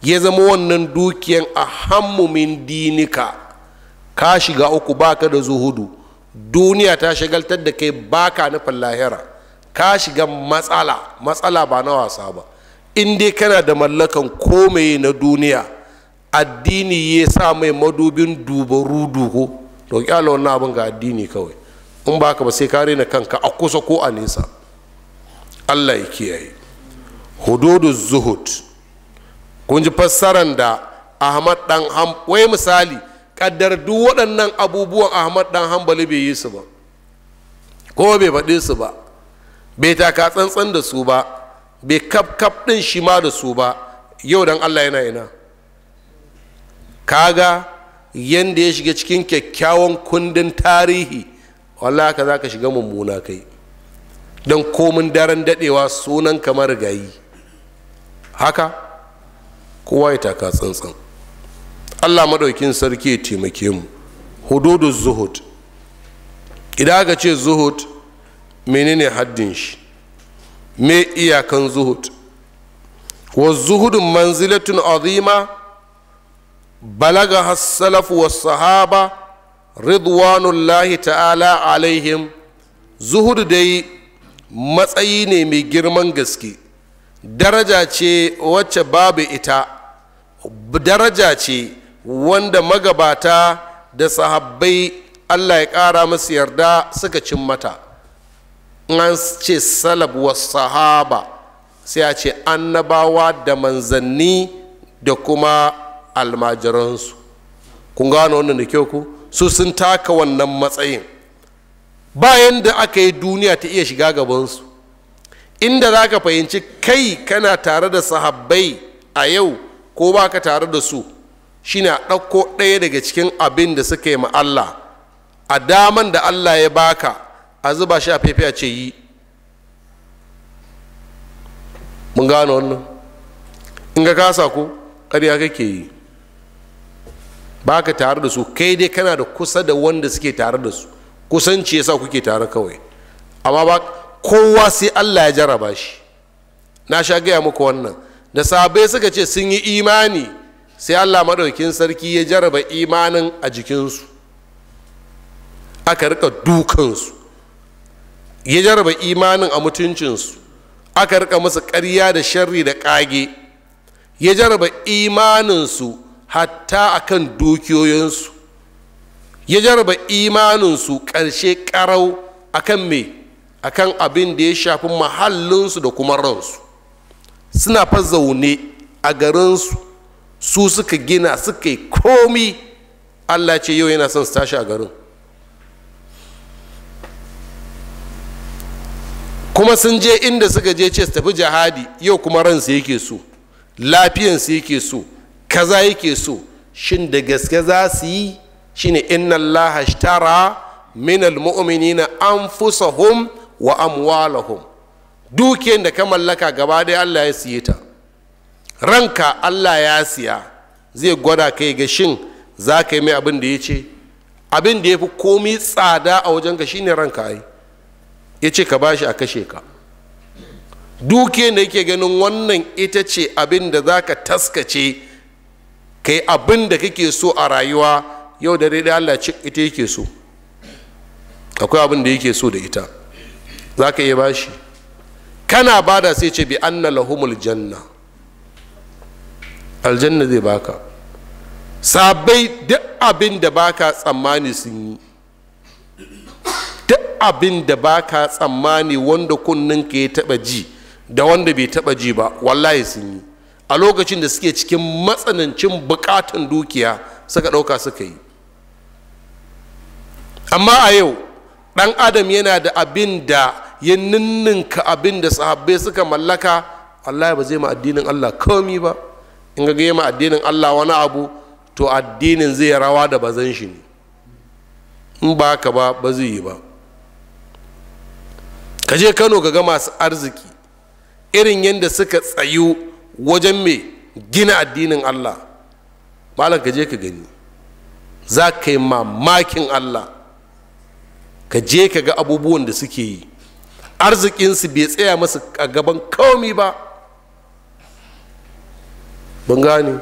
ya zama wannan dukiyan a hammumin dinika ka shiga uku baka da zuhudu duniya ta shagaltar da kai baka nufin lahira ka shiga matsala matsala ba na wasa ba in dai kana da mallakan komai na duniya addini ya sa mai madubin dubaru duhu to kyala wannan abin ga addini kawai in baka ba sai ka na kanka a kusa ko a nesa allah ya kiyaye hududu zuhud kun ji fassaran da ahmad dan ham wai misali kaddar duk waɗannan abubuwan ahmad dan hambali bai yi su ba ko bai faɗi su ba bai taka tsantsan da su ba bai kaf kaf ɗin shi ma da su ba yau dan allah yana ina kaga yadda ya shiga cikin kyakkyawan kundin tarihi wallah ka za ka shiga mummuna kai don komin daren daɗewa sunan kamar gayi haka kowa ya taka tsantsan allah maɗaukin sarki ya taimake mu hududu zuhud idan aka ce zuhud menene haddin shi me iyakan zuhud wa zuhudun manzilatun azima balaga hassalafu wa sahaba ridwanullahi ta'ala alaihim zuhud dai matsayi ne mai girman gaske daraja ce wacce babu ita daraja ce wanda magabata da sahabbai allah ya ƙara musu yarda suka cin mata an ce salab wa sahaba sai a ce annabawa da manzanni da kuma almajiransu kun gano wannan da kyau ku su sun taka wannan matsayin bayan da aka yi duniya ta iya shiga gabansu inda za ka fahimci kai kana tare da sahabbai a yau ko ba ka tare da su shine a ɗauko ɗaya daga cikin abin da suka yi ma Allah a daman da Allah ya baka a zuba shi a fefe a ce yi mun gano wannan in ga kasa ko ƙarya kake yi ba ka tare da su kai dai kana da kusa da wanda suke tare da su kusanci yasa kuke tare kawai amma ba kowa sai allah ya jaraba shi na sha gaya muku wannan da sabai suka ce sun yi imani sai allah maɗaukin sarki ya jaraba imanin a jikinsu aka rika dukansu ya jaraba imanin a mutuncinsu aka rika musu ƙarya da sharri da ƙage ya jaraba imaninsu hatta akan dukiyoyinsu ya jaraba imaninsu ƙarshe ƙarau akan me akan abin da ya shafi mahallinsu da kuma ransu suna fa zaune a garinsu su suka gina suka yi komi allah ce yau yana son su tashi a garin kuma sun je inda suka je ce su tafi jihadi yau kuma ransu yake so lafiyansu yake so kaza yake so shin da gaske za su yi shine inna allaha shtara min mu'minina anfusahum wa amwalahum dukiyar da ka mallaka gaba ɗaya allah ya siye ta ranka allah ya siya zai gwada kai ga shin za ka yi mai abin da ya ce abin da ya fi komi tsada a wajen ka shine ranka ai ya ce ka bashi a kashe ka dukiyar da yake ganin wannan ita ce abin da za ka taskace ka yi abin da kake so a rayuwa yau da dai-dai allah ce ita yake so akwai abin da yake so da ita za ka iya bashi kana bada sai ce bi anna lahumul janna aljanna zai baka sabai duk abin da baka tsammani sun yi duk abin da baka tsammani wanda ka ya taba ji da wanda bai taba ji ba wallahi sun yi a lokacin da suke cikin matsanancin bukatan dukiya suka ɗauka suka yi amma a yau dan adam yana da abin da ya ninninka abin da sahabbai suka mallaka wallahi ba zai ma addinin Allah komi ba in ga ma addinin Allah wani abu to addinin zai rawa da bazan shi ne in ba ka ba ba zai yi ba ka je Kano ka ga masu arziki irin yadda suka tsayu wajen mai gina addinin Allah malam ka je ka gani za ka yi mamakin Allah ka je ka ga abubuwan da suke yi arzikinsu bai tsaya masu a gaban kaumi ba ban gane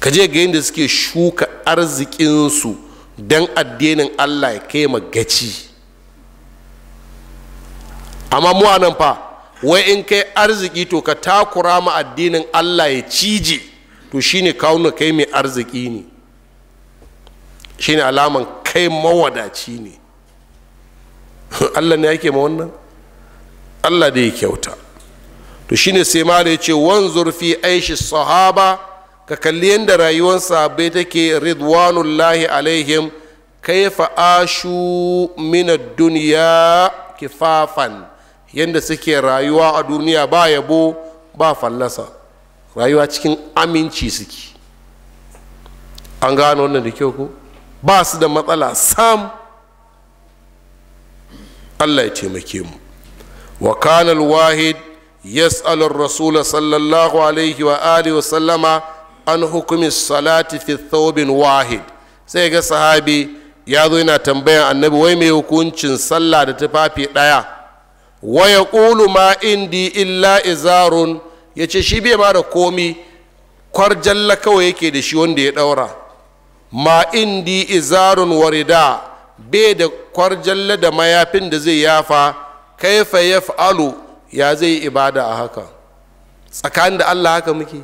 ka je ga yadda suke shuka arzikinsu don addinin allah ya kai gaci amma mu nan fa wai in kai arziki to ka takura ma addinin allah ya cije to shine kawuna kai mai arziki ne shine alaman kai mawadaci ne (laughs) allah ne yake ma wannan allah da ya kyauta to shine sai mala ya ce wan zurfi aishi sahaba ka kalli yadda rayuwar sahabbai take ridwanullahi alaihim kaifa ashu min duniya kifafan yadda suke rayuwa a duniya ba yabo ba fallasa rayuwa cikin aminci suke an gano wannan da kyau ko ba su da matsala sam allah ya taimake mu Wakanal wahid يسأل الرسول صلى الله عليه وآله وسلم عن حكم الصلاة في ثوب واحد سيغا صحابي ya zo yana tambayan annabi wai mai hukuncin sallah da tufafi ɗaya waya ƙulu ma indi illa izarun ya ce shi bai ba da komi kwarjalla kawai yake da shi wanda ya ɗaura ma indi izarun warida bai da kwarjalla da mayafin da zai yafa kaifa fa'alu ya zai yi ibada a haka tsakanin da Allah haka muke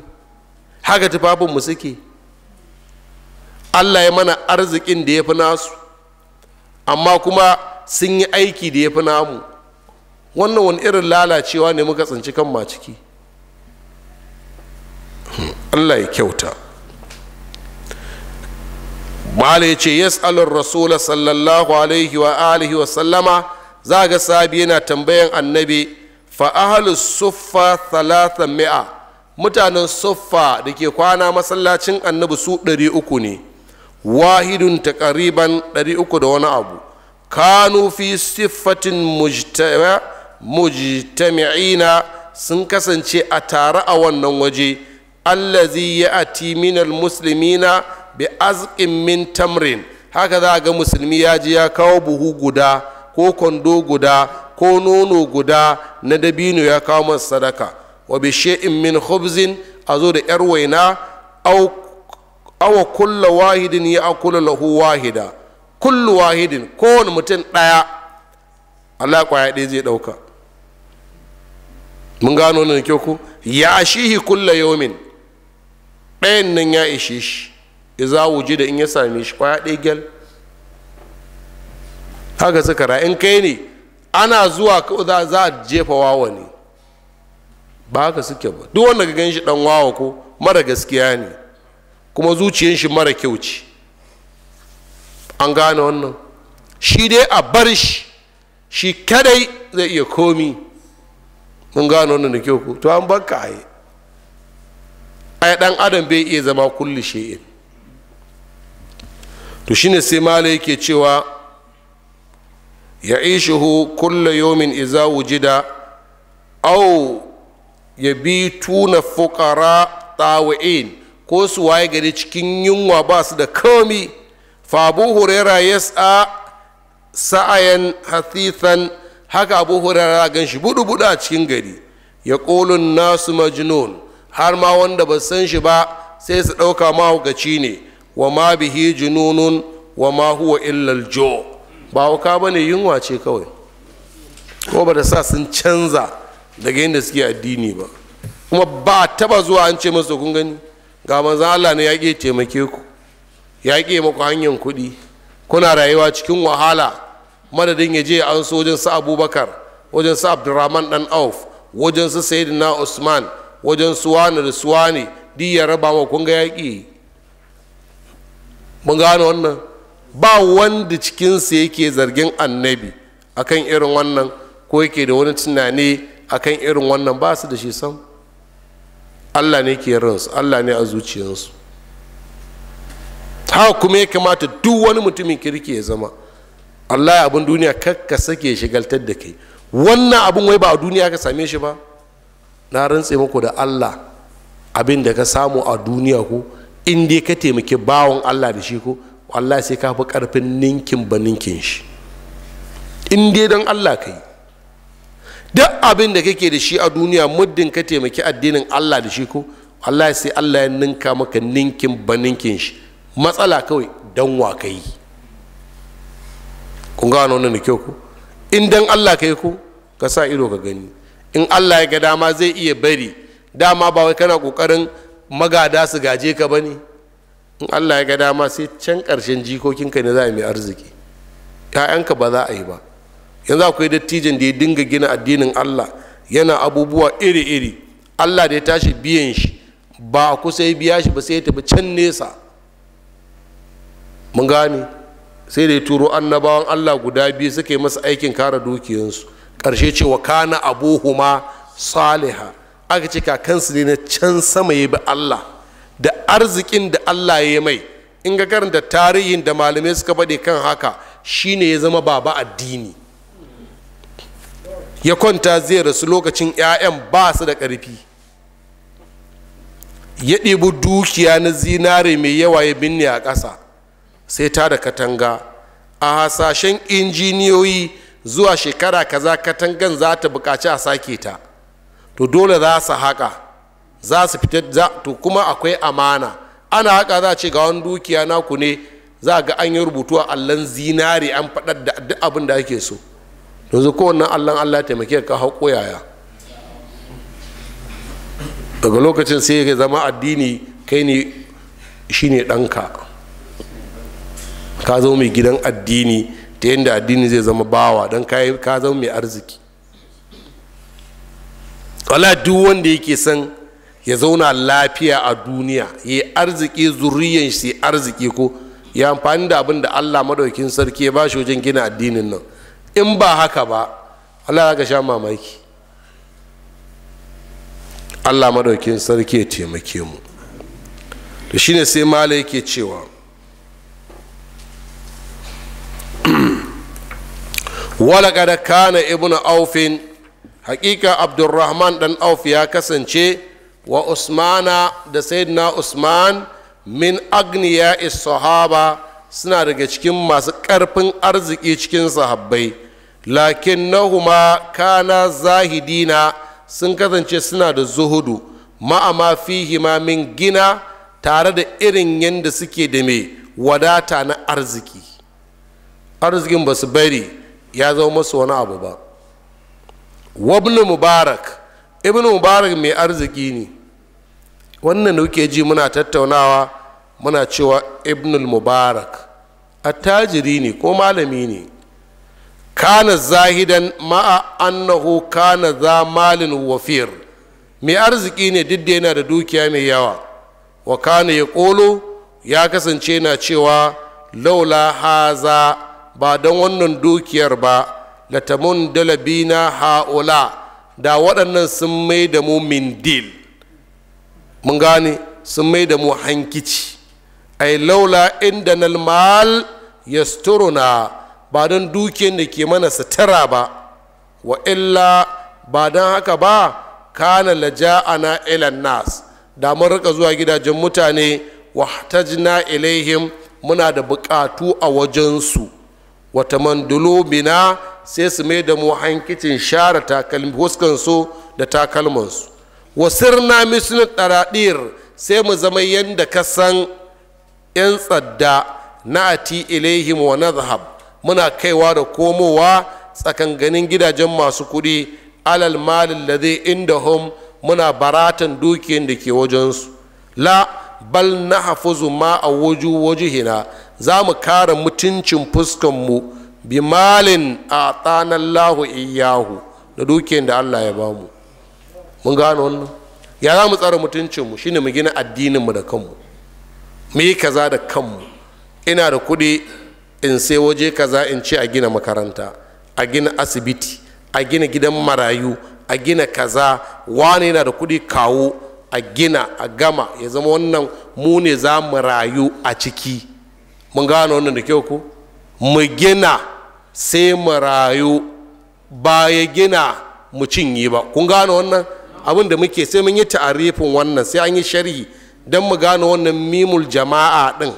haka tufafinmu suke Allah ya mana arzikin da ya fi nasu amma kuma sun yi aiki da ya fi namu wannan wani irin lalacewa ne muka tsinci kan ma ciki Allah ya kyauta mala ya ce yas'alur rasula sallallahu alaihi wa alihi wa sallama za ga sahabi yana tambayan annabi fa ahlus suffa thalatha mi'a mutanen suffa da ke kwana masallacin annabi su ɗari uku ne wahidun taqriban ɗari uku da wani abu kanu fi siffatin mujtami'ina sun kasance a tare a wannan waje allazi ya ati minal muslimina bi azqin min tamrin haka za a ga musulmi ya ji ya kawo buhu guda ko kwando guda ko nono guda na dabino ya kawo masa sadaka wa bi shay'in min khubzin a zo da yar waina awa kulla kullu wahidin ya akula lahu wahida kullu wahidin kowane mutum daya Allah kwaya ɗaya zai ɗauka mun gano nan kyau ku ya ashihi kulla yawmin ɗayan nan ya ishe shi iza wuji da in ya same shi kwaya ɗaya gyal haka suka ra in kai ne ana zuwa za a jefa wawa ne ba haka suke ba duk wanda ga gan shi dan wawa ko mara gaskiya ne kuma zuciyar shi mara kyau ce an gane wannan shi dai a bar shi shi kadai zai iya komi mun gane wannan da kyau ko to an barka a yi ai dan adam bai iya zama kulli shi'in to shine sai malai yake cewa ya ishihu kulla yomin izawu wujida au ya bi tuna fukara tawa'in ko su waye gari cikin yunwa ba su da kami fa abu huraira ya sa sa'ayan hathithan haka abu huraira gan shi budu budu a cikin gari ya kolun nasu majnun har ma wanda ba san shi ba sai su ɗauka mahaukaci ne wa ma bihi jununun wa ma huwa illal jo' ba wuka ba ne yunwa ce kawai ko ba da sa sun canza daga da suke addini ba kuma ba taba zuwa an ce masu kun gani ga manzan allah ne ya ke taimake ku ya ke maku hanyar kuɗi kuna rayuwa cikin wahala madadin ya je an so wajen su abubakar wajen su abdurrahman dan auf wajen su na usman wajen suwane da suwane duk ya raba ma kun ga yaƙi mun gane wannan ba wanda cikinsu yake zargin annabi akan irin wannan ko yake da wani tunani akan irin wannan ba su da shi sam allah ne ke ransu allah ne a zuciyarsu ta kuma ya kamata duk wani mutumin kirki ya zama allah ya abin duniya kakka sake shigaltar da kai wannan abin wai ba a duniya ka same shi ba na rantse muku da allah abin da ka samu a duniya ko in dai ka taimaki bawon allah da shi ko wallahi sai ka fi karfin ninkin ba ninkin shi in dai don allah ka duk abin da kake da shi a duniya muddin ka taimaki addinin allah da shi ko wallahi sai allah ya ninka maka ninkin ba ninkin shi matsala kawai don wa ka kun ga wannan da kyau ko in dan allah ka ko ka sa ido ka gani in allah ya ga dama zai iya bari dama ba wai kana kokarin magada su gaje ka bane ne in allah ya ga dama sai can ƙarshen jikokinka ne za a mai arziki ‘ya'yanka ba za a yi ba yanzu akwai dattijan da ya dinga gina addinin allah yana abubuwa iri-iri allah da ya tashi biyan shi ba a kusa ya biya shi ba sai ya tafi can nesa mun gane sai da ya turo annabawan allah guda biyu suka yi masa aikin kara dukiyansu ƙarshe ce wa kana abuhuma saliha aka ce kakansu ne na can sama ya bi allah da arzikin da allah ya mai in ga karanta tarihin da malamai suka faɗi kan haka shine ya zama baba addini ya kwanta zai rasu lokacin 'ya'yan ba su da ƙarfi ya ɗibi dukiya na zinare mai yawa ya binne a ƙasa sai ta da katanga a hasashen injiniyoyi zuwa shekara kaza katangan za ta buƙaci a sake ta to dole za su haƙa za su fita za to kuma akwai amana ana haka za a ce ga wani dukiya naku ne za ga an yi rubutu a allon zinari an faɗar da duk abin da ake so yanzu kowannan allon allah taimake ka hauko yaya daga lokacin sai ya zama addini kai ne shi ne ɗanka ka zo mai gidan addini ta yadda addini zai zama bawa don ka zama mai arziki wala duk wanda yake san. ya zauna lafiya a duniya ya arziki zuriyan shi arziki ko ya amfani da abin da allah madaukin sarki ya ba shi wajen gina addinin nan in ba haka ba allah ya sha mamaki allah madaukin sarki ya taimake mu da shine sai mala yake cewa (clears throat) walaƙada kana ibnu aufin haqiqa abdurrahman dan auf ya kasance wa usmana da sayyidina usman min agniya sahaba suna daga cikin masu ƙarfin arziki cikin sahabbai lakin nahuma kana zahidina sun kasance suna da zuhudu ma'ama fihi ma min gina tare da irin yadda suke da mai wadata na arziki arzikin ba su bari ya zama masu wani abu ba wabnu mubarak ibn mubarak mai arziki ne wannan da ji muna tattaunawa muna cewa ibn mubarak attajiri ne ko malami ne kana zahidan ma'a annahu kana za malin wafir mai arziki ne duk da yana da dukiya mai yawa wa kana ya kolo ya kasance na cewa laula haza ba don wannan dukiyar ba latamun dalabina ha'ula da waɗannan sun mai da mu mindil mun gane sun mai da mu hankici ai laula inda ya yasturuna ba don dukiyar da ke mana sutura ba wa illa ba don haka ba kana ana ilan nas da mun rika zuwa gidajen mutane wa wahtajna ilaihim muna da bukatu a wajensu wata dulubina sai su mai da mu hankicin share su da takalmansu wasirna misnin ɗaraɗir sai mu zama yadda ka san 'yan tsadda na ati ilaihim wa nazhab muna kaiwa da komowa tsakan-ganin gidajen masu kuɗi alal malin da zai inda hom muna baratan dukiyar da ke wajensu la bal na hafizu ma a wuju za mu kare mutuncin fuskanmu bi malin a tsanallahu iyahu da dukiyar da allah ya bamu mun gano wannan ya za mu tsara mutuncinmu shine mu gina addininmu da kanmu mu yi kaza da kanmu ina da kuɗi in sai waje kaza in ce a gina makaranta a gina asibiti a gina gidan marayu a gina kaza wani yana da kuɗi kawo a gina a gama ya zama wannan mu ne za mu rayu a ciki mun gano wannan da kyau ku mu gina sai mu rayu ba ya gina mu cinye ba kun gano wannan abin da muke sai mun yi ta'arifin wannan sai an yi sharhi don mu gane wannan mimul jama'a din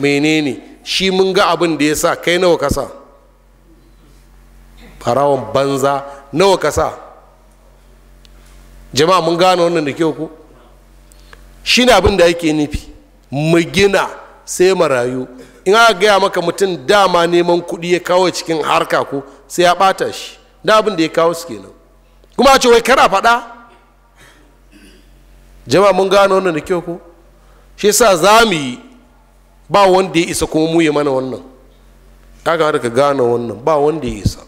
menene shi mun ga abin da ya sa kai nawa kasa farawan banza nawa kasa jama'a mun gane wannan da kyau ku shi ne abin da yake nufi mu gina sai mu rayu. in aka gaya maka mutum dama neman kuɗi ya kawo cikin harka ko sai ya ɓata shi da abin da ya kawo su kenan kuma a ce wai kana faɗa jama'a mun gano wannan da kyau ko shi yasa za mu yi ba wanda ya isa kuma mu yi mana wannan kaga har ka gano wannan ba wanda ya isa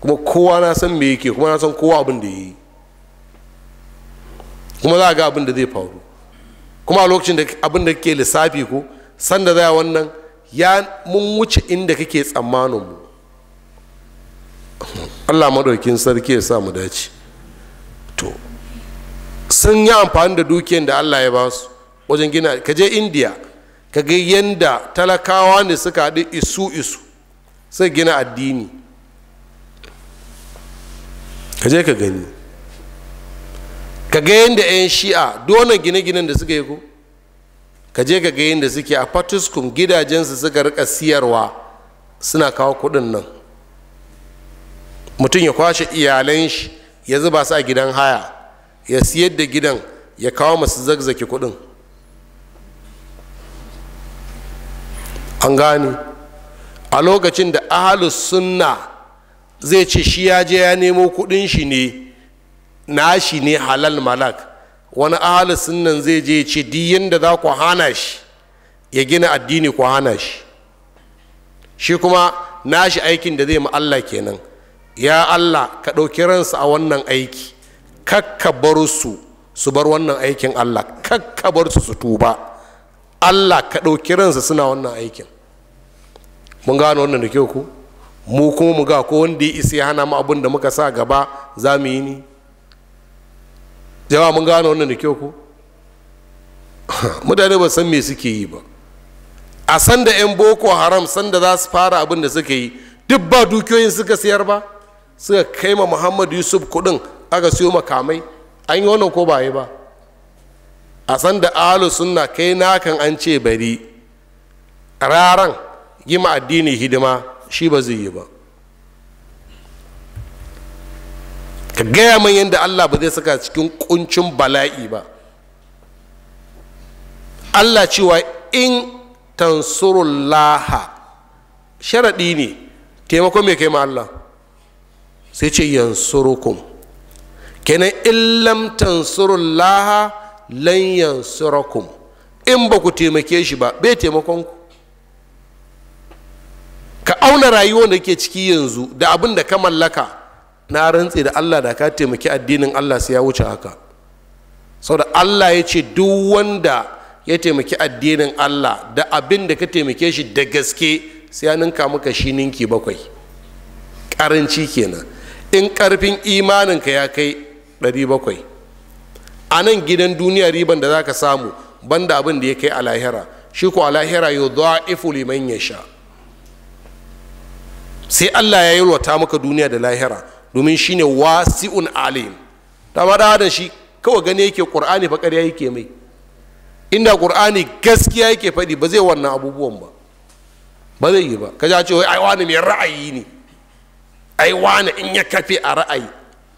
kuma kowa na san me yake kuma na san kowa abin da ya yi kuma za a ga abin da zai faru kuma a lokacin da abin da ke lissafi ko sanda za wannan ya mun wuce inda kake tsammanin mu allah maɗaukin sarki ya sa mu dace to sun yi amfani da dukiyar da allah ya ba su wajen gina ka je indiya ka ga yadda talakawa ne suka haɗu isu isu sai gina addini ka je ka gani ka ga yadda 'yan shi'a dole gine-ginen da suka yi ko ka je ga gayin da suke a patuskum gidajensu suka rika siyarwa suna kawo kuɗin nan mutum ya kwashe iyalan shi ya zuba su a gidan haya ya siyar da gidan ya kawo masu zagzaki kuɗin an gane a lokacin da ahalus sunna zai ce shi ya je ya nemo kuɗin shi ne nashi ne halal malak wani ahli sunan zai je ce diyin da za ku hana shi ya gina addini ku hana shi shi kuma nashi aikin da zai ma Allah kenan ya Allah ka ɗauki ransu a wannan aiki kakka bar su su bar wannan aikin Allah kakka su su tuba Allah ka ɗauki ransu suna wannan aikin mun gano wannan da kyau ku mu kuma mu ga ko wanda ya isa ya hana mu abin da muka sa gaba za mu yi ni jama'a mun gane wannan da kyau ko mutane ba san me suke yi ba a san da 'yan boko haram san da za su fara abin da suka yi duk ba dukiyoyin suka siyar ba suka kai ma muhammadu yusuf kudin aka siyo makamai an yi wannan ko ba yi ba a san da alu sunna kai nakan an ce bari raran yi ma addini hidima shi ba zai yi ba ka gaya man yadda allah ba zai saka cikin kuncin bala'i ba allah cewa in tansurullaha sharaɗi ne taimako mai kai ma allah sai ce yansurukum kenan illam tansurullaha lan yansurakum in ba ku taimake shi ba bai taimakon ku ka auna rayuwar da ke ciki yanzu da abin da ka mallaka na rantse da allah da ka taimaki addinin allah sai ya wuce haka da allah ya ce duk wanda ya taimaki addinin allah da abin da ka taimake shi da gaske sai ya ninka maka shi ninki bakwai karanci kenan in karfin imaninka ya kai 700 a nan gidan duniya riban da za ka samu banda abin da ya kai a lahira shi ko a lahira yau za liman ya sha sai allah ya yi maka duniya da lahira domin ne wasi'un alim ta ma da shi kawai gani yake qur'ani fa ƙarya yake mai inda ƙur'ani gaskiya yake faɗi ba zai wannan abubuwan ba ba zai yi ba ka ja ce wai ai wani mai ra'ayi ne ai wani in ya kafe a ra'ayi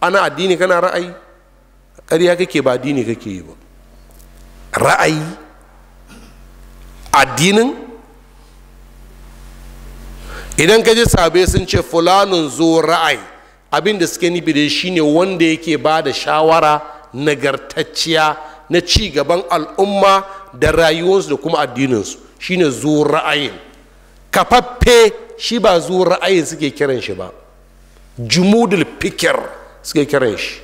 ana addini kana ra'ayi ƙarya kake ba addini kake yi ba ra'ayi addinin idan ka ji sabe sun ce fulanin zo ra'ayi abin da suke nufi da ne wanda yake ba da shawara nagartacciya na ci gaban al'umma da rayuwarsu da kuma addininsu shi ne zuwa ra'ayin kafaffe shi ba zuwa ra'ayin suke kiran shi ba jumudul fikir suke kiran shi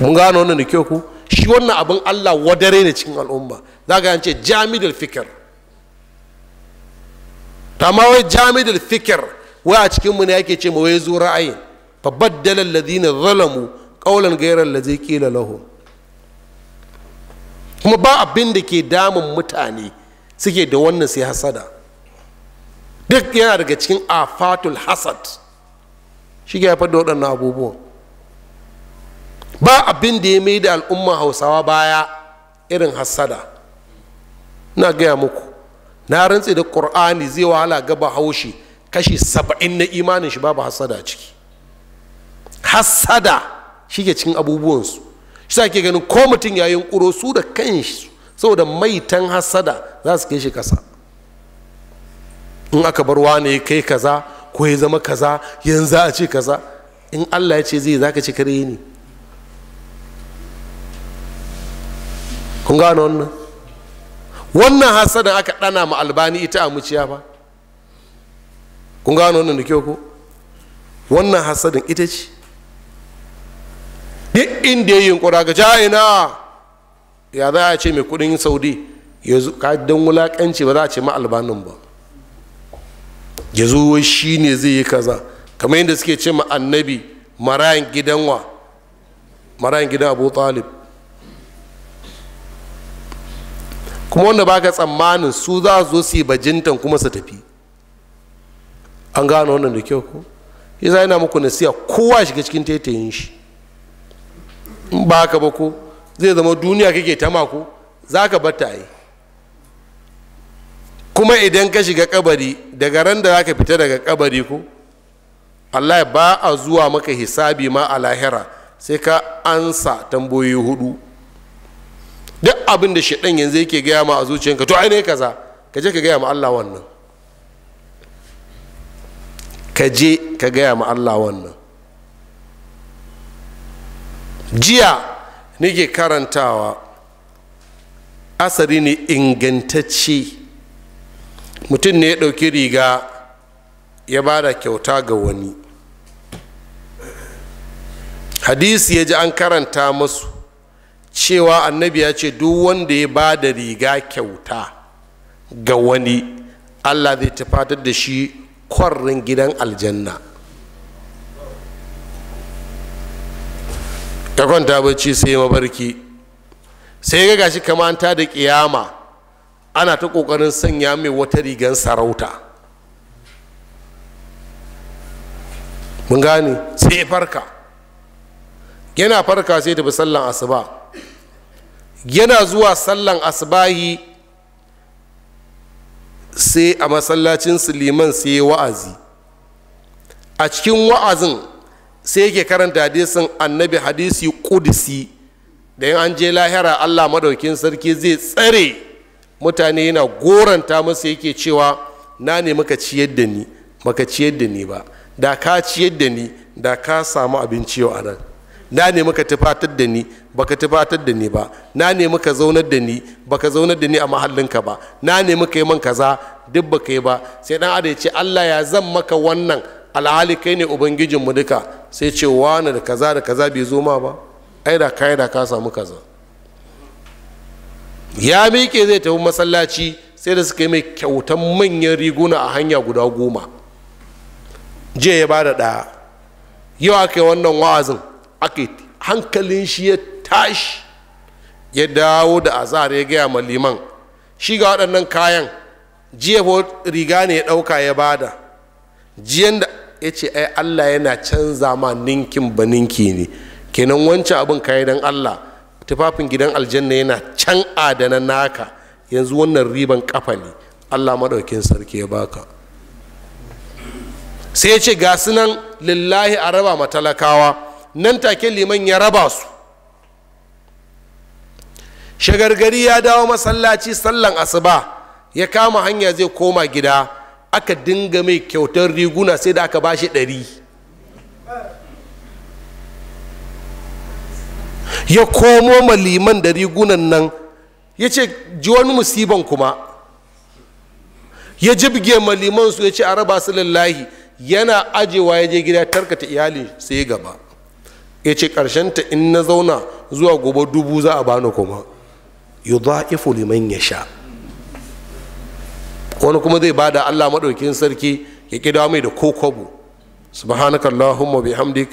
mun gano wannan da kyau ku shi wannan abin allah wadare ne cikin al'umma za ga ce jamidul fikir ta wai jamidul fikir wai a cikinmu ne ake ce wai zo ra'ayin fa baddala alladhina zalamu qawlan ghayra alladhi qila lahum kuma ba abin da ke damun mutane suke da wannan sai hasada duk yana daga cikin afatul hasad shi ke haifar da waɗannan abubuwan ba abin da ya mai da al'umma hausawa baya irin hasada na gaya muku na rantse da ƙur'ani zai wahala gaba haushi kashi saba'in na imanin shi babu hasada ciki hasada shi ke cikin abubuwansu shi sa ke ganin ko mutum ya ƙuro su da kanshi saboda maitan hasada za su kai shi kasa in aka bar wane kai kaza ko ya zama kaza yanzu a ce kaza in allah ya ce zai za ka ci kare ne kun gano wannan wannan aka ɗana ma albani ita a muciya ba kun gano wannan da kyau ko wannan hasadin ita ce duk inda ya yi yunkura ga ja'ina ya za a ce mai kudin saudi ya zo ka don wulakanci ba za a ce ma albanin ba ya zo shi ne zai yi kaza kamar yadda suke ce ma annabi marayan gidan marayan gidan abu talib kuma wanda baka tsammanin su za su zo su yi bajintan kuma su tafi an gano wannan da kyau ko yasa yana muku nasiya kowa shiga cikin taitayin shi in ba haka ba ko zai zama duniya kake ta mako za ka bata yi kuma idan ka shiga kabari daga ran da za ka fita daga kabari ko allah ba a zuwa maka hisabi ma a lahira sai ka ansa tambayoyi hudu duk abin da shaɗan yanzu yake gaya ma a zuciyanka to ai kaza ka je ka gaya ma allah wannan ka je ka gaya ma allah wannan jiya nake karantawa asari ne ingantacce mutum ne ya ɗauki riga ya ba da kyauta ga wani hadisi ya ji an karanta masu cewa annabi ya ce duk wanda ya ba da riga kyauta ga wani allah zai tafatar da shi kwarrin gidan aljanna ta kwanta bacci sai mabarki sai ga gashi kamanta da kiyama ana ta kokarin sanya mai wata rigan sarauta mun gane sai ya farka yana farka sai tafi sallan asuba yana zuwa sallan asubahi sai a masallacin suliman sai wa'azi a cikin wa'azin sai yake karanta hadisin annabi hadisi kudisi da yin an je lahira allah madaukin sarki zai tsare mutane yana goranta masa yake cewa na ne maka ciyar da ni maka ciyar da ni ba da ka ciyar da ni da ka samu abinci yau a nan na nemi ka tufatar da ni baka tufatar da ni ba na nemi ka zaunar da ni baka zaunar da ni a mahallinka ba na nemi ka yi man kaza duk baka yi ba sai dan adam ya ce Allah ya zan maka wannan alhali kai ne ubangijinmu duka sai ce wani da kaza da kaza bai zo ma ba ai da kai da ka samu kaza ya miƙe zai tafi masallaci sai da suka yi mai kyautan manyan riguna a hanya guda goma jiya ya bada ɗaya yau aka yi wannan wa'azin aka hankalin shi ya tashi ya dawo da azar ya gaya ma liman shi ga waɗannan kayan jiya riga ne ya ɗauka ya bada jiyan da ya ce ai allah yana canza ma ninkin ba ninki ne kenan wancan abin kayi don allah tufafin gidan aljanna yana can adana naka yanzu wannan riban kafa ne allah maɗaukin sarki ya baka sai ya ce ga sunan lillahi a raba matalakawa nan take liman ya raba su shagargari ya dawo masallaci sallan asuba ya kama hanya zai koma gida aka dinga mai kyautar riguna sai da aka ba shi ɗari ya komo ma liman da rigunan nan ya ce ji wani musiban kuma ya jibge ma liman su ya ce a raba su lallahi yana ajewa ya je gida tarkata iyali sai gaba ya ce ta in na zauna zuwa gobe dubu za a bani kuma yu za'ifu liman ya sha wani kuma zai bada allah maɗaukin sarki ya ƙi mai da kokobo subhanaka allahumma bihamdik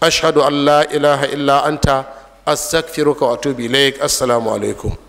ashhadu an la ilaha illa anta astaghfiruka wa atubu ilaik assalamu alaikum